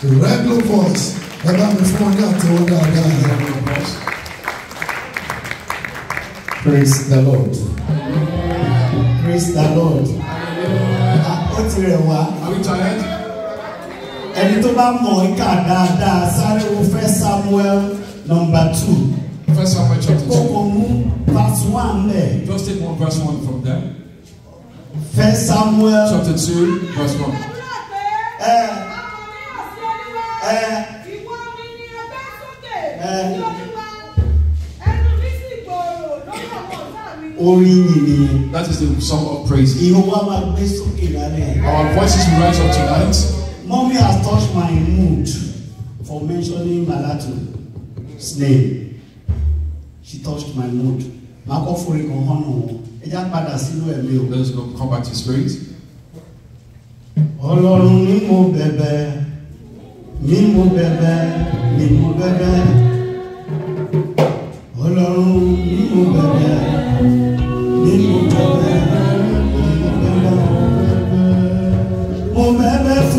The regular voice. Ẹ bá mi fún ọ ní àtẹwọ́ dáadáa. Praise the Lord. Praise the Lord. Àpótí rẹ̀ wá. Ẹni tó bá mọ̀ ìkà dáadáa sáré wo fẹ́ Samuel number two. First Samuel chapter two. Kókò mú verse one lẹ̀. Just take one verse one from there. First Samuel. Chapter two verse one. Ẹ Ẹ Ẹ. orin yìnyín. that is the song of praise. ìhùn wa máa gbé sókè lálẹ́. our voices will rise up tonight. mommy has touched my mood for mentioning Malatu's name she touched my mood. màá kọ́ forí kan hàn náà ẹ já padà sínú ẹ̀mí o. let us go come back to spirit. ọlọ́run ni mo bẹ̀bẹ̀ ni mo bẹ̀bẹ̀ ni mo bẹ̀bẹ̀. Ọlọ́run ni mo bẹ̀bẹ̀. D'innor an ardoñ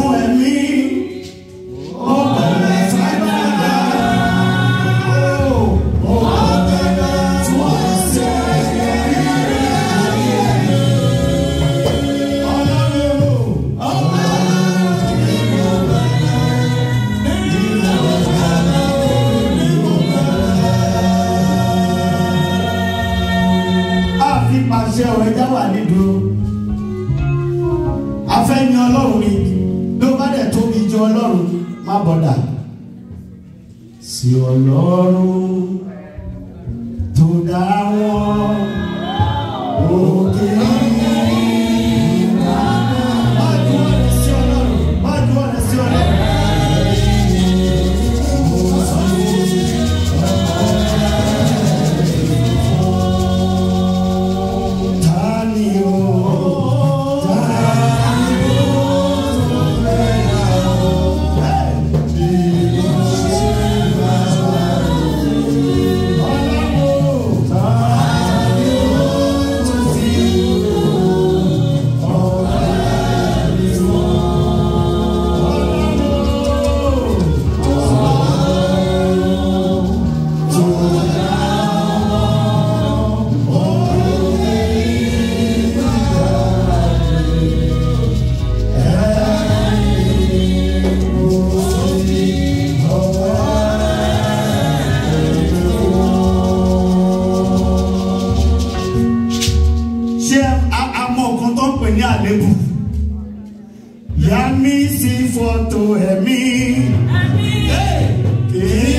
bondad Si olor àlébù. Yá mi sí fọ́tò ẹ̀mí. Hey.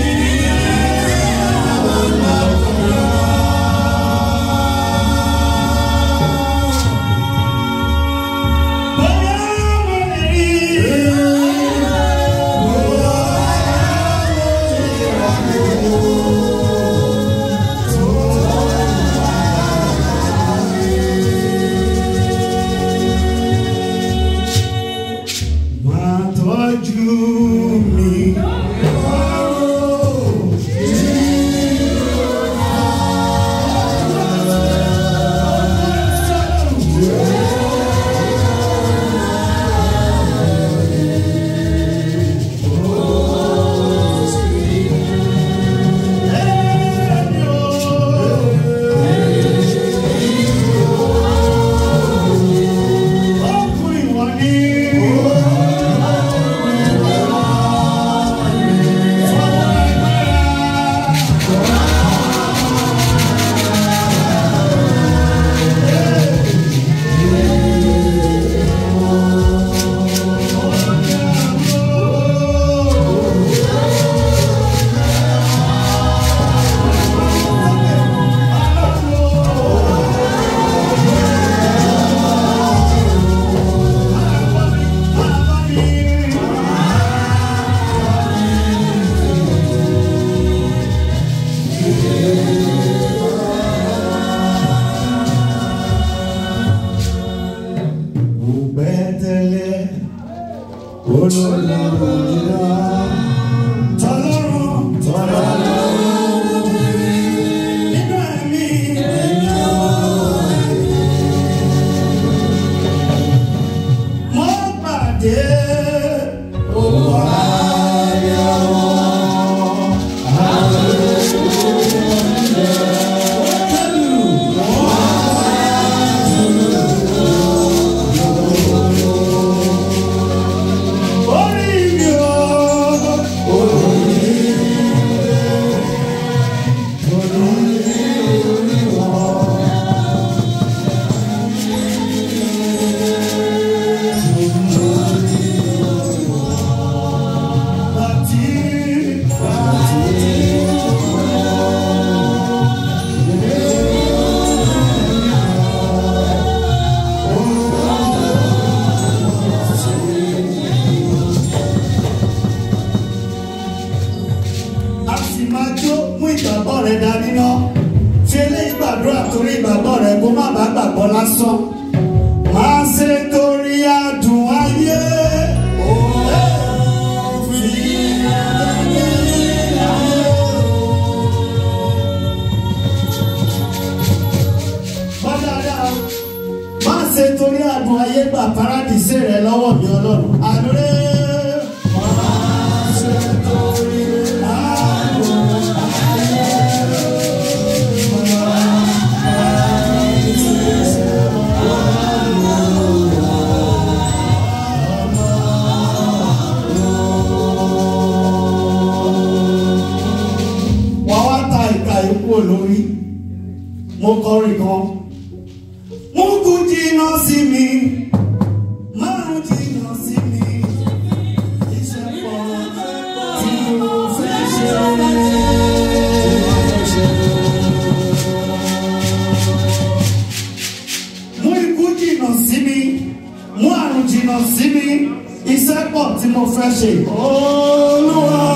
tí mo fẹ́ ṣe. olúwa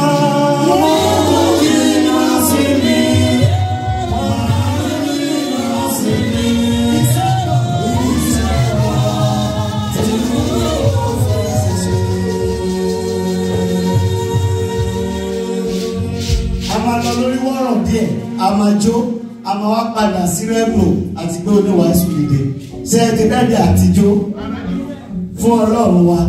mo kò a máa lọ a máa jó a máa wá padà sí rẹ́gbò àti pé oníwàásù dìde ṣé ẹ ti dẹ́dẹ̀ àtijọ́ fún ọlọ́run wa.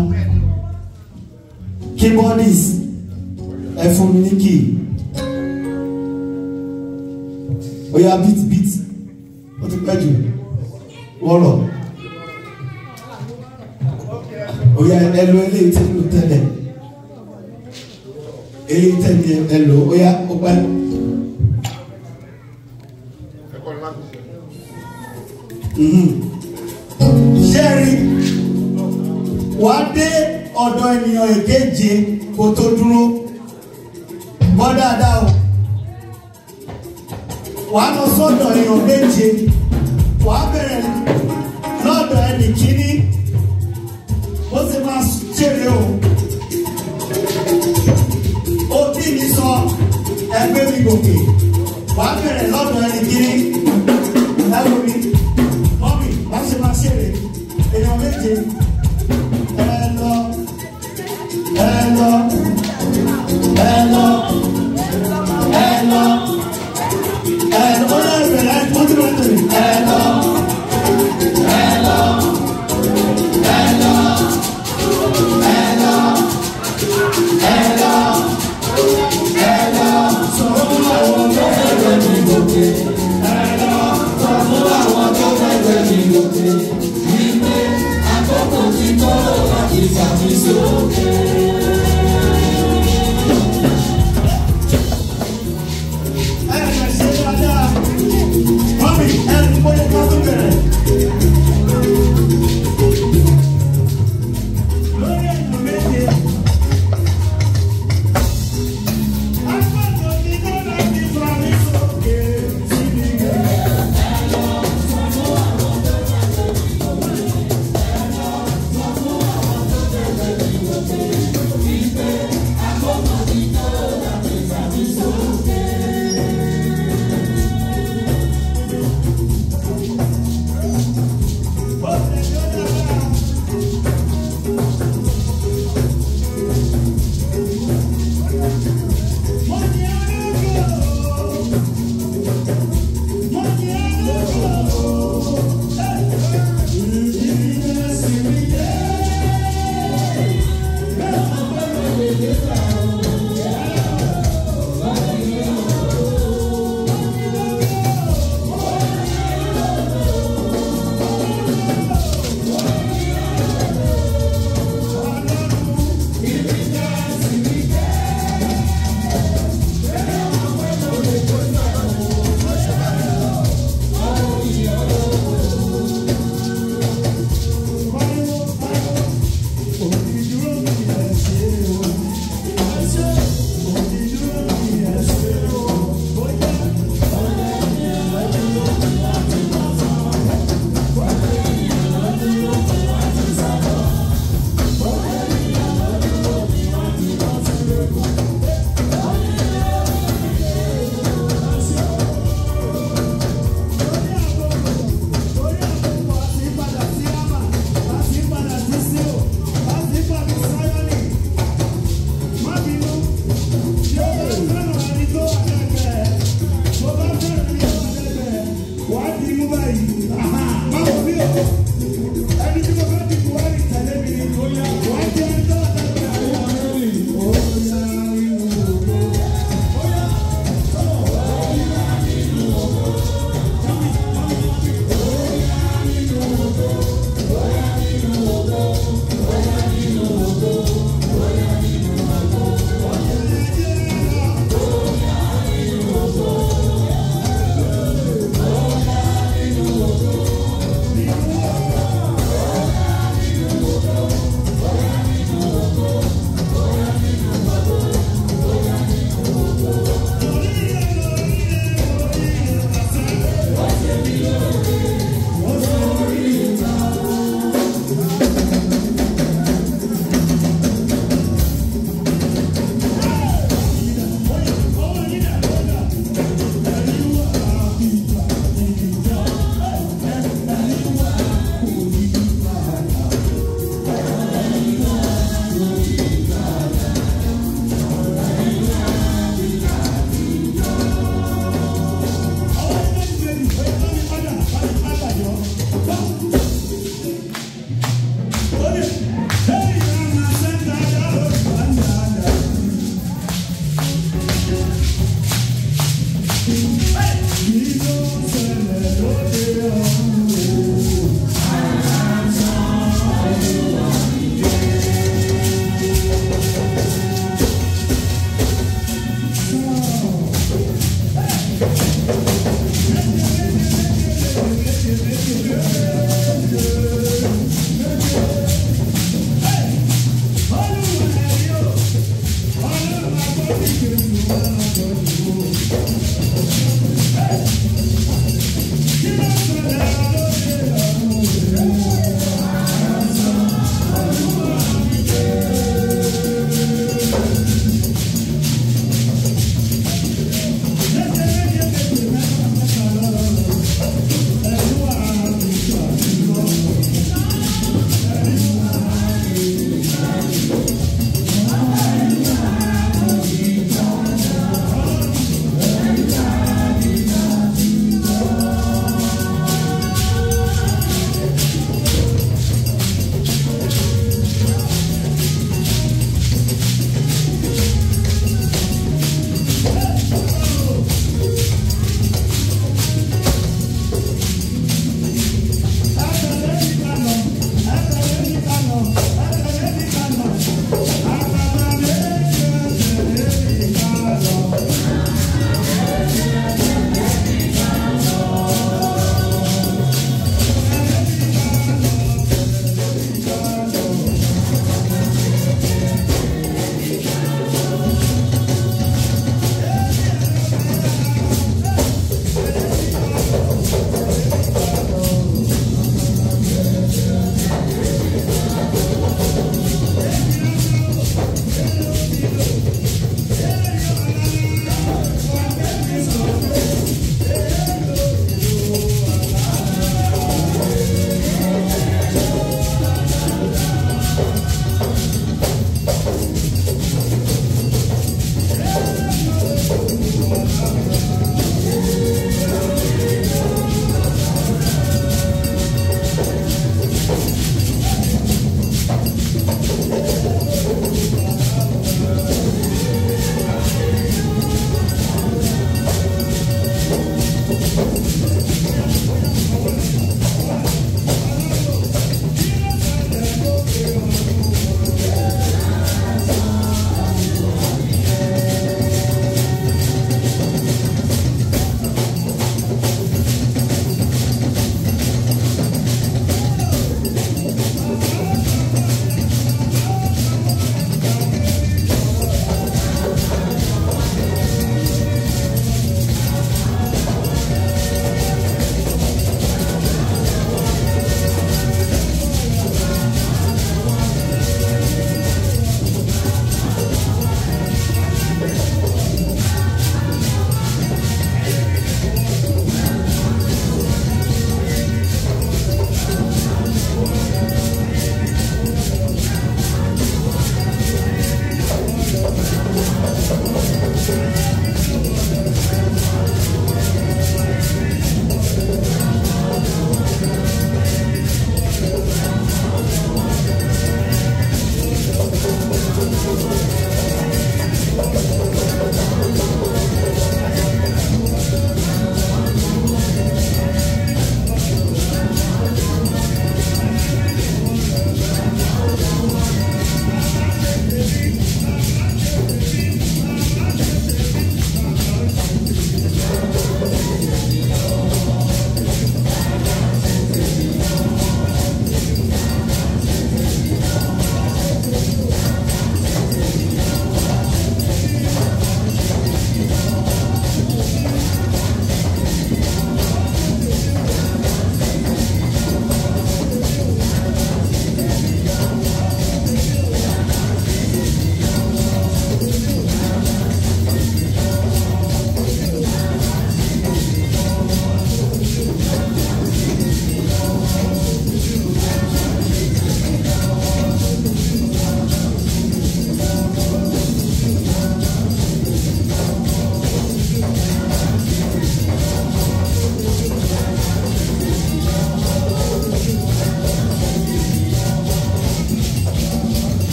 fún mi ní kì í oya bit bit ó ti hello. jù wọ́rọ̀ oya ẹlò eléyìí tí mo tẹ́lẹ̀ eléyìí tẹ́lẹ̀ ẹlò oya ó pẹ́. Mhm. ṣẹ́ẹ̀rì wàá dé ọ̀dọ̀ ènìyàn èkejì kó tó dúró. wà á lọ sọ́dọ̀ èèyàn méje wà á bẹ̀rẹ̀ lọ́dọ̀ ẹnì kíní ó sì máa jèrè o. òbí mi sọ ẹgbẹ́ mi gòkè wà á bẹ̀rẹ̀ lọ́dọ̀ ẹnì kíní ẹ wò mí mọ́mì wá ṣe máa ṣèrè èèyàn méje ẹ lọ ẹ lọ ẹ lọ.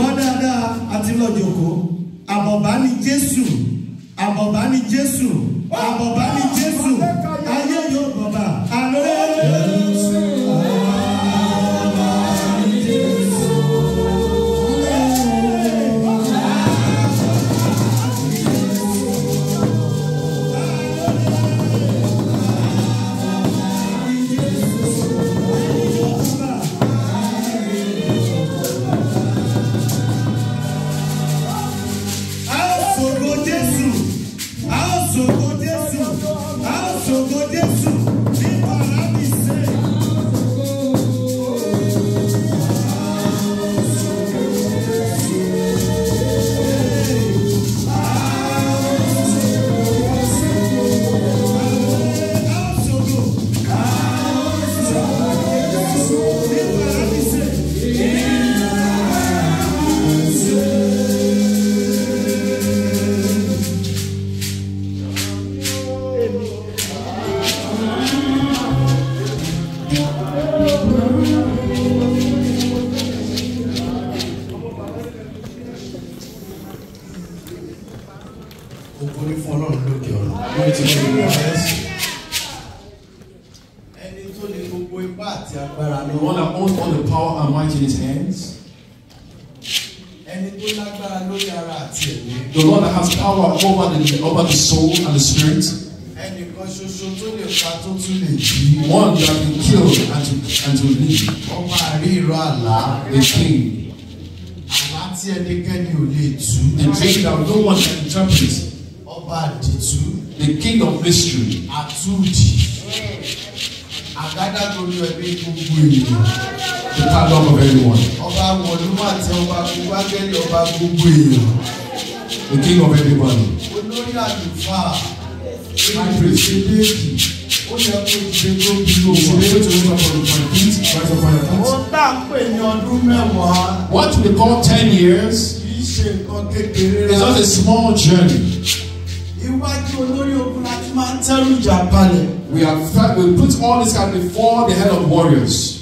gbọ́ dáadáa àti lọ́jọ̀kó àbọ̀bá ni Jésù àbọ̀bá ni Jésù àbọ̀bá ni Jésù ayé journey. Iwájú olórí ogun la ti máa ń tẹ́rù ìjà balẹ̀. We have we put all this kind before the head of warriors.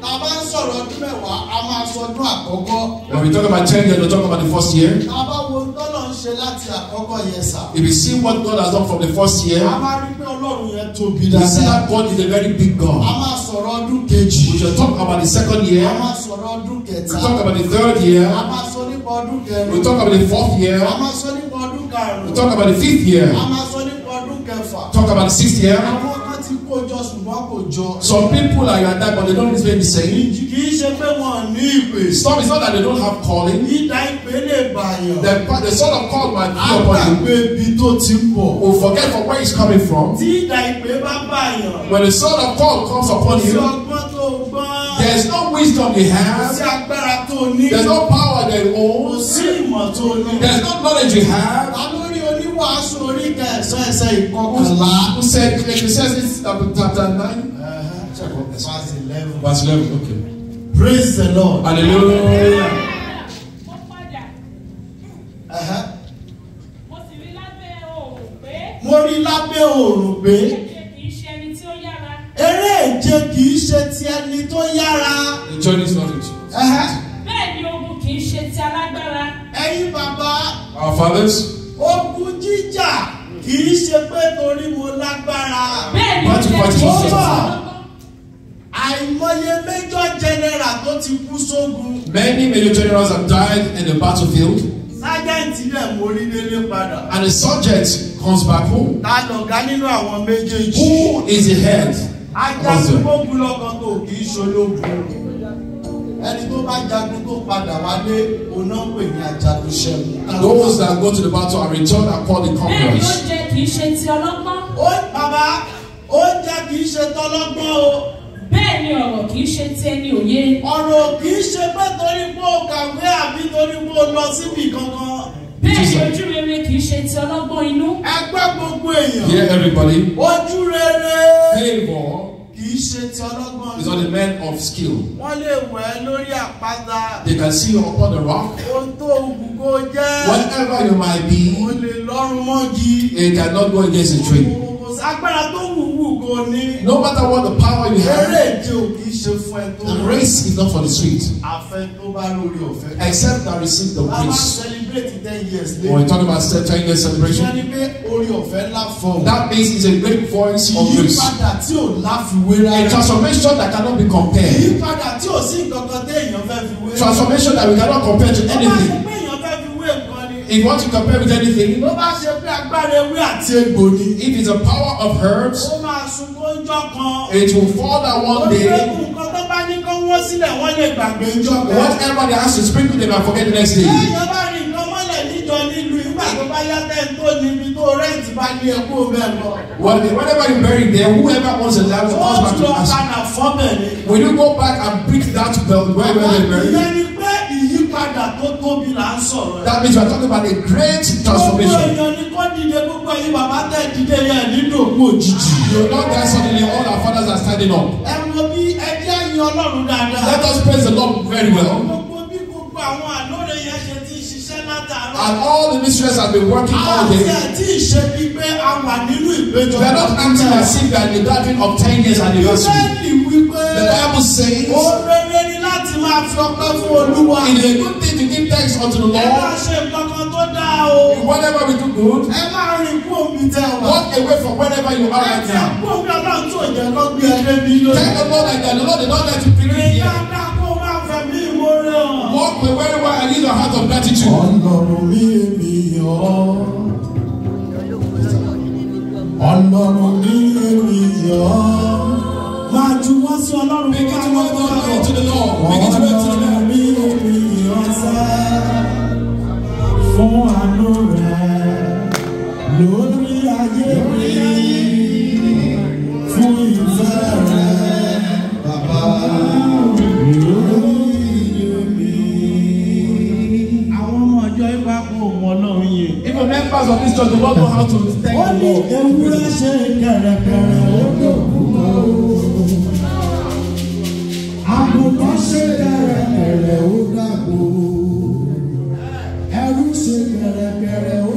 Ta bá ń sọ̀rọ̀ ọdún mẹ́wàá, a máa sọ ọdún àkọ́kọ́. When we talk about ten years, we talk about the first year. Ta bá wo lọ́nà ń ṣe láti àkọ́kọ́ yẹn sà. If you see what God has done from the first year. A máa rí pé Ọlọ́run yẹn tóbi dáadáa. We see that God is a very big God. A máa sọ̀rọ̀ ọdún kejì. We shall talk about the second year. A máa sọ̀rọ̀ ọdún kẹta. We talk about the third year. A máa we talk about the fourth year. we talk about the fifth year. talk about the sixth year. some people are like that but they don't really say. saying. some is not that they don't have calling. ìdá the the sort of call might be upon you. àgbàgbé ibi forget from where he's coming from. when the sort of call comes upon you is no wisdom they have. kò sí agbára tó ní. there is no power they own. kò sí ìmọ̀ tó ní. there is no knowledge you have. alórí oníwàásù oríkà ẹ̀sán ẹ̀sẹ̀ ìkọkànlá. who said Ecclesiastes chapter nine. verse eleven. verse eleven okay. praise the lord. hallelujah. Uh-huh. mo rí lábẹ́ òòrùn pé eré ìje kì ṣe ti ẹni tó yára. the journey is not easy. bẹ́ẹ̀ ogun kì ṣe ti alágbára. ẹ̀yin bàbá. our fathers. ogun jíjà kì ṣe pé torí mo lágbára. bẹ́ẹ̀ ogun kì ṣe ti alágbára àìmọye major general tó ti kú sógun. many major generals have died in the battlefield. sergeant náà mo rí délé padà. and the subject comes back home. ta lọ̀gá nínú àwọn méjèèjì. who is the head ajagun tó tó kì í ṣológun ẹni tó bá jagun tó padà wálé oná pè ní ajagun ṣẹ́gun. those that go to the battle and return are called the conquerors. bẹ́ẹ̀ ni jẹ kì í ṣe ti ọlọ́gbọ́n. ó bàbá ó jẹ kì í ṣe tọlọ́gbọ́n o bẹ́ẹ̀ ni ọ̀rọ̀ kì í ṣe ti ẹni òye. ọ̀rọ̀ kì í ṣe pé torí pé o kàwé àbí torí pé o lọ síbi kankan bẹ́ẹ̀ ni ojú rere kì í ṣe ti ọlọ́gbọ́n inú. ẹ gbọ́ gbogbo èèyàn. hear everybody. ojú rere. favour. kì í ṣe ti ọlọ́gbọ́n inú. is not the men of skill. wọ́n lè wẹ̀ ẹ́ lórí àpáta. they can see you upon the rock. ohun tó ogun kó jẹ́. whatever you might be. o lè lọ́rùn mọ́gi. it cannot go against the tree ságbára tó wù gan ni. no matter what the power you have. eré èdè ò kì ṣe fún ẹ the race is not for the street. àfẹ tó bá lórí ọ̀fẹ́. except that receive the grace. a máa celebrate ten years later. when we talk about ten years celebration. ìyá ni pé orí ọ̀fẹ́ ńlá fọ. that means it's a great voice of grace. ìyípadà tí ò láfiwé a transformation that cannot be compared. ìyípadà tí ò sí nǹkan kan téèyàn fẹ́ fi wé. transformation that we cannot compare to anything if you want to compare with anything. ló bá ṣe pé agbára ewé àti egbò ni. if it's a power of herbs. ó máa sunkún ọjọ́ kan. it will fall that one day. ó fẹ́ kú nǹkan tó bá ní kó wọ́n sílẹ̀ wọ́n lè gbàgbé ọjọ́ kan. whatever they ask to sprinkle them and forget the next day. lẹ́yìn ọba rìn kan mọ́lẹ̀ níjọ nílùú ìgbà tó bá yá tẹ́ tó níbi tó rẹ́ǹtì bá ní ẹkú bẹ́ẹ̀ lọ. well whenever you bury there whoever wants a land for us back to us. when you go back and pick that belt where where they bury. ìyẹn tóbi là ń sọ̀rọ̀. that means we are talking about a great transformation. gbogbo èèyàn ni kò dìde gbogbo ẹ̀yin bàbá tẹ̀ dìde yẹn nínú òkú òjijì. you know that suddenly all our fathers are standing up. ẹ wo bí ẹjẹ́ yin ọlọ́run dáadáa. let us praise the lord very well. gbogbo bí gbogbo àwọn àlóore yẹn ṣe ti ṣiṣẹ́ látàárọ̀. and all the ministries have been working all day. àwọn ẹ̀ tí bí pé a wà nínú ìgbẹ́jọ. we are not acting as if we are in the gathering of ten years anniversary. bẹ́ẹ̀ni wípé. the bible says. ó rẹ́rẹ́ ní láti máa fi fún olúwa. it is a good thing to give thanks unto the Lord. ẹ máa ṣe kankan tó dáa o. whatever we do good. ẹ máa rìn kú omi tẹ o. walk away from wherever you are right now. ẹ kú omi ọlọ́run tó jẹ́ lọ́gbìn ẹgbẹ́ mi lónìí. tell the Lord that the Lord did not let you bring here. ìyá dákú máa fẹ́ mi ìmúre o. walk away wherever I need a heart of gratitude. ọlọ́run mi èmi yọ̀ Ọlọ́run ní èmi yọ̀ máa ju wọ́n sí ọlọ́run kó bá wọn kó bá wọn. ọlọ́run mi ò ní ìránṣẹ́ fún àánú rẹ̀ lórí ayé mi fún ìfẹ́ rẹ̀ bàbá lórí mi. àwọn ọmọ ọjọ́ ipa kún òun ọlọ́run yìí. even members of this church do not know how to thank the Lord. ó ní ewúrẹ́ ṣe kẹ̀rẹ̀kẹ̀rẹ̀ ó dòkú àgùntàn ṣe kẹrẹkẹrẹ ó dàgbò ẹrú ṣe kẹrẹkẹrẹ ó.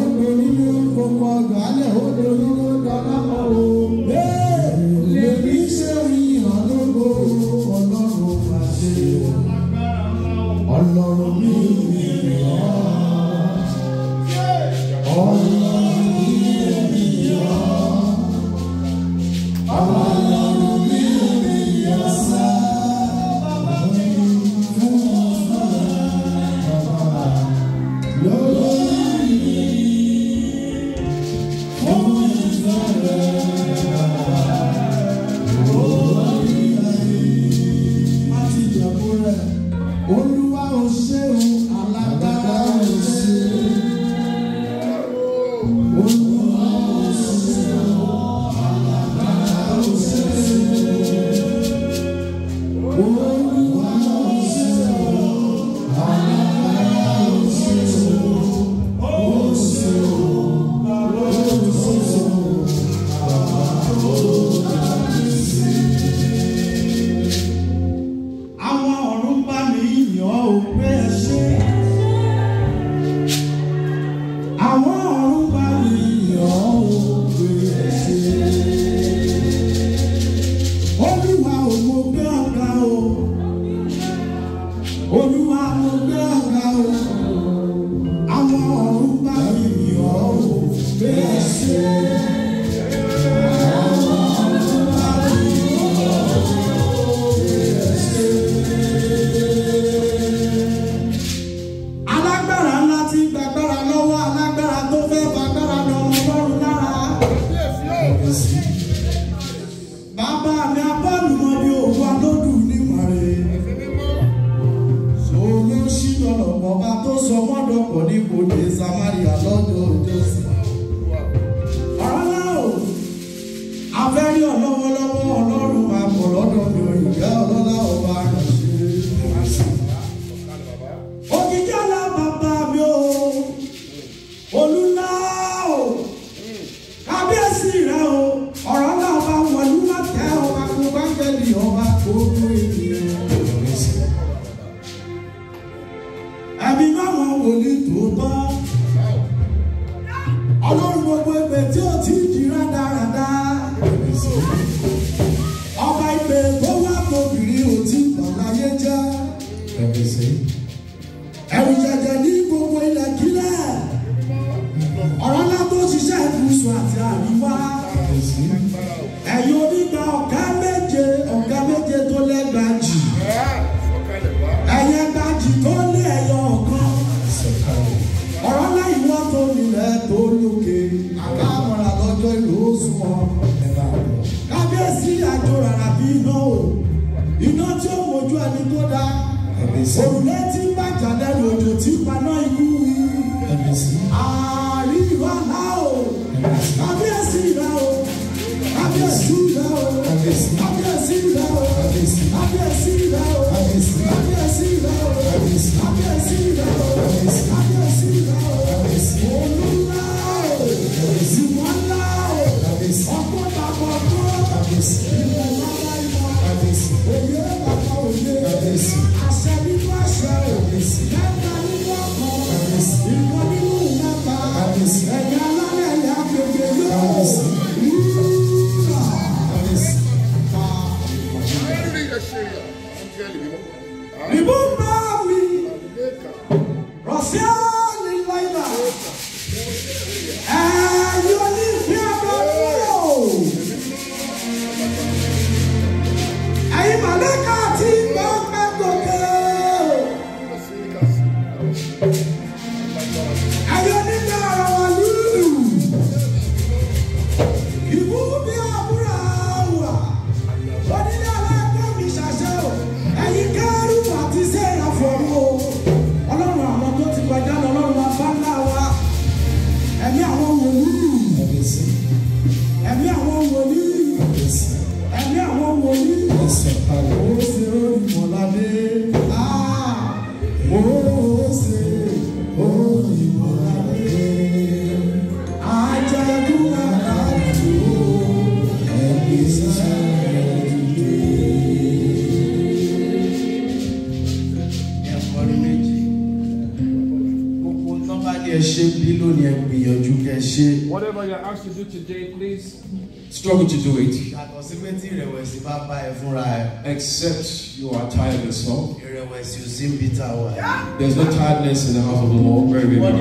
There's no tiredness in the house of the Lord where we are.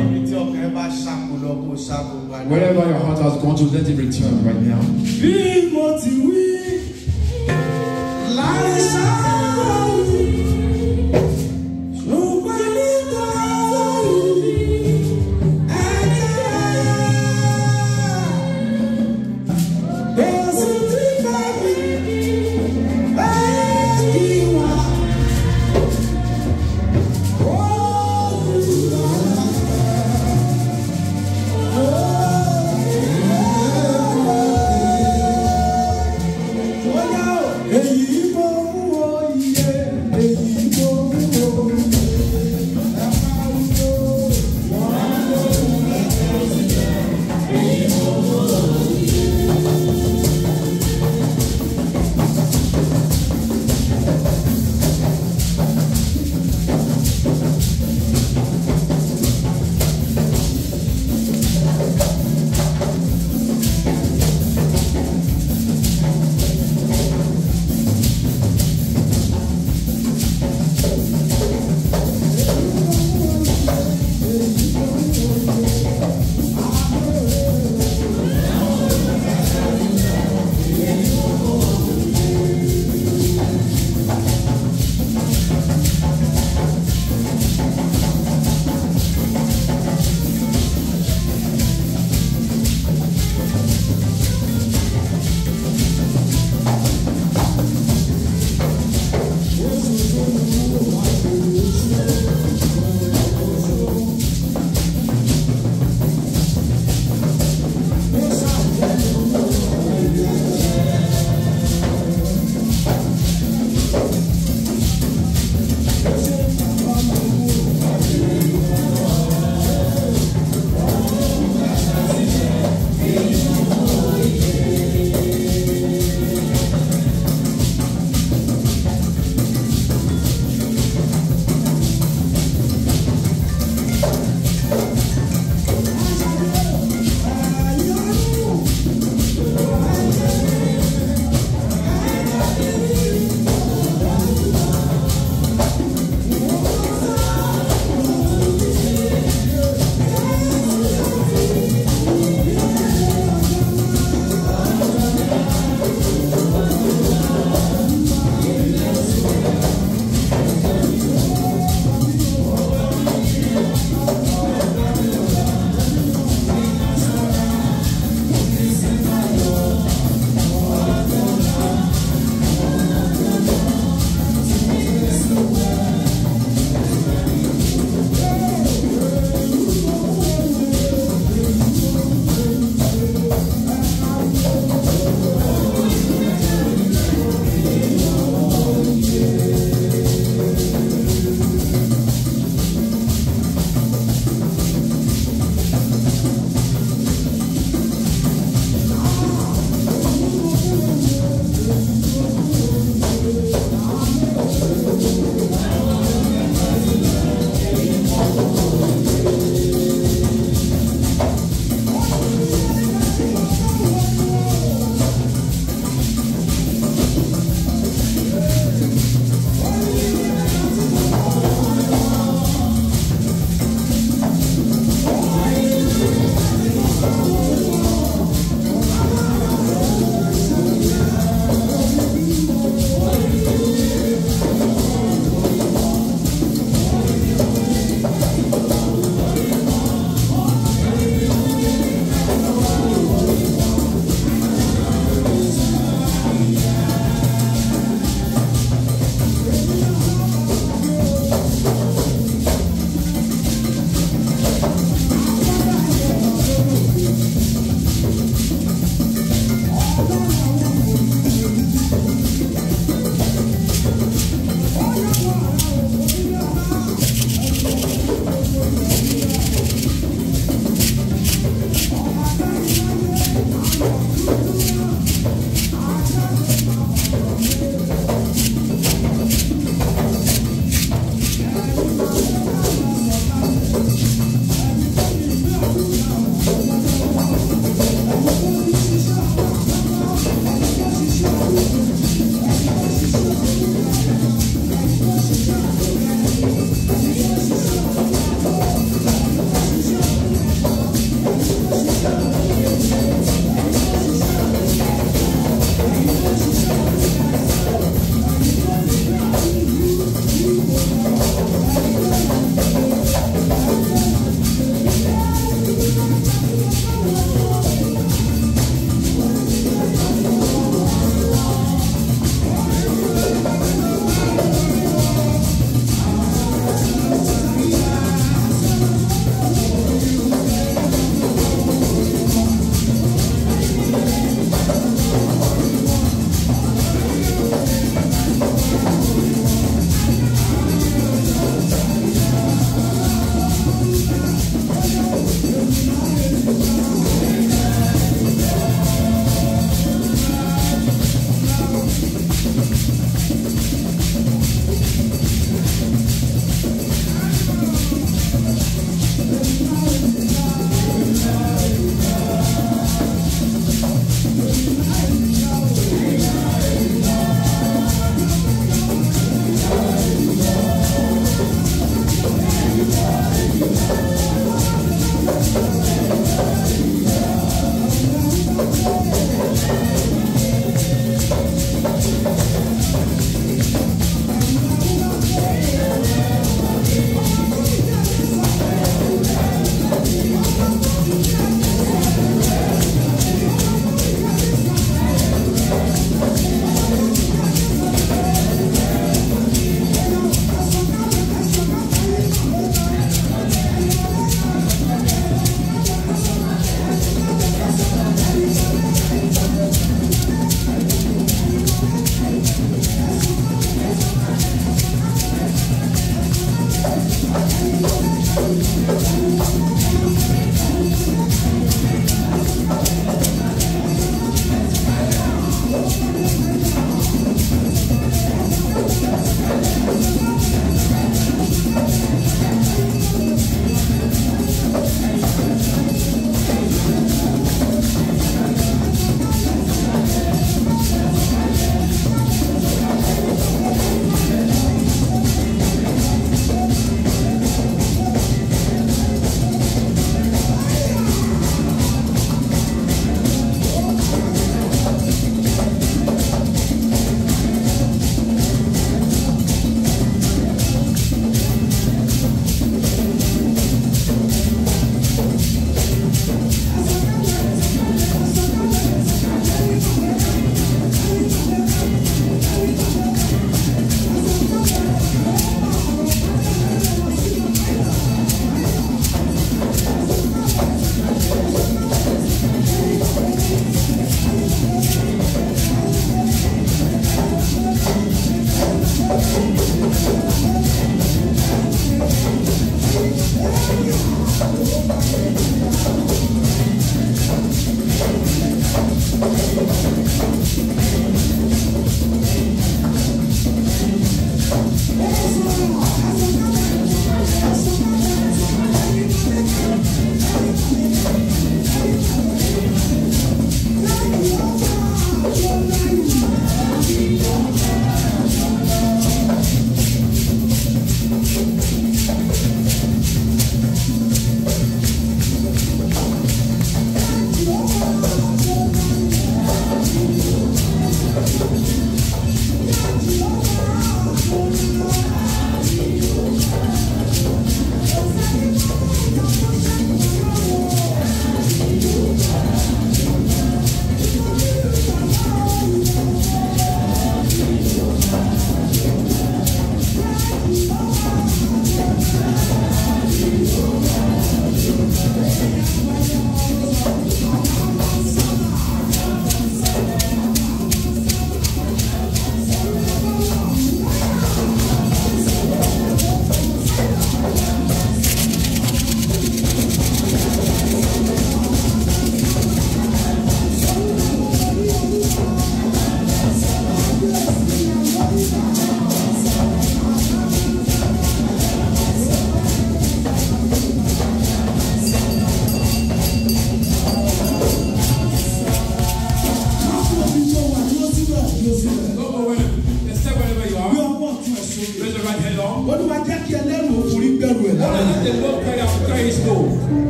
wherever your heart has gone to let it return right now.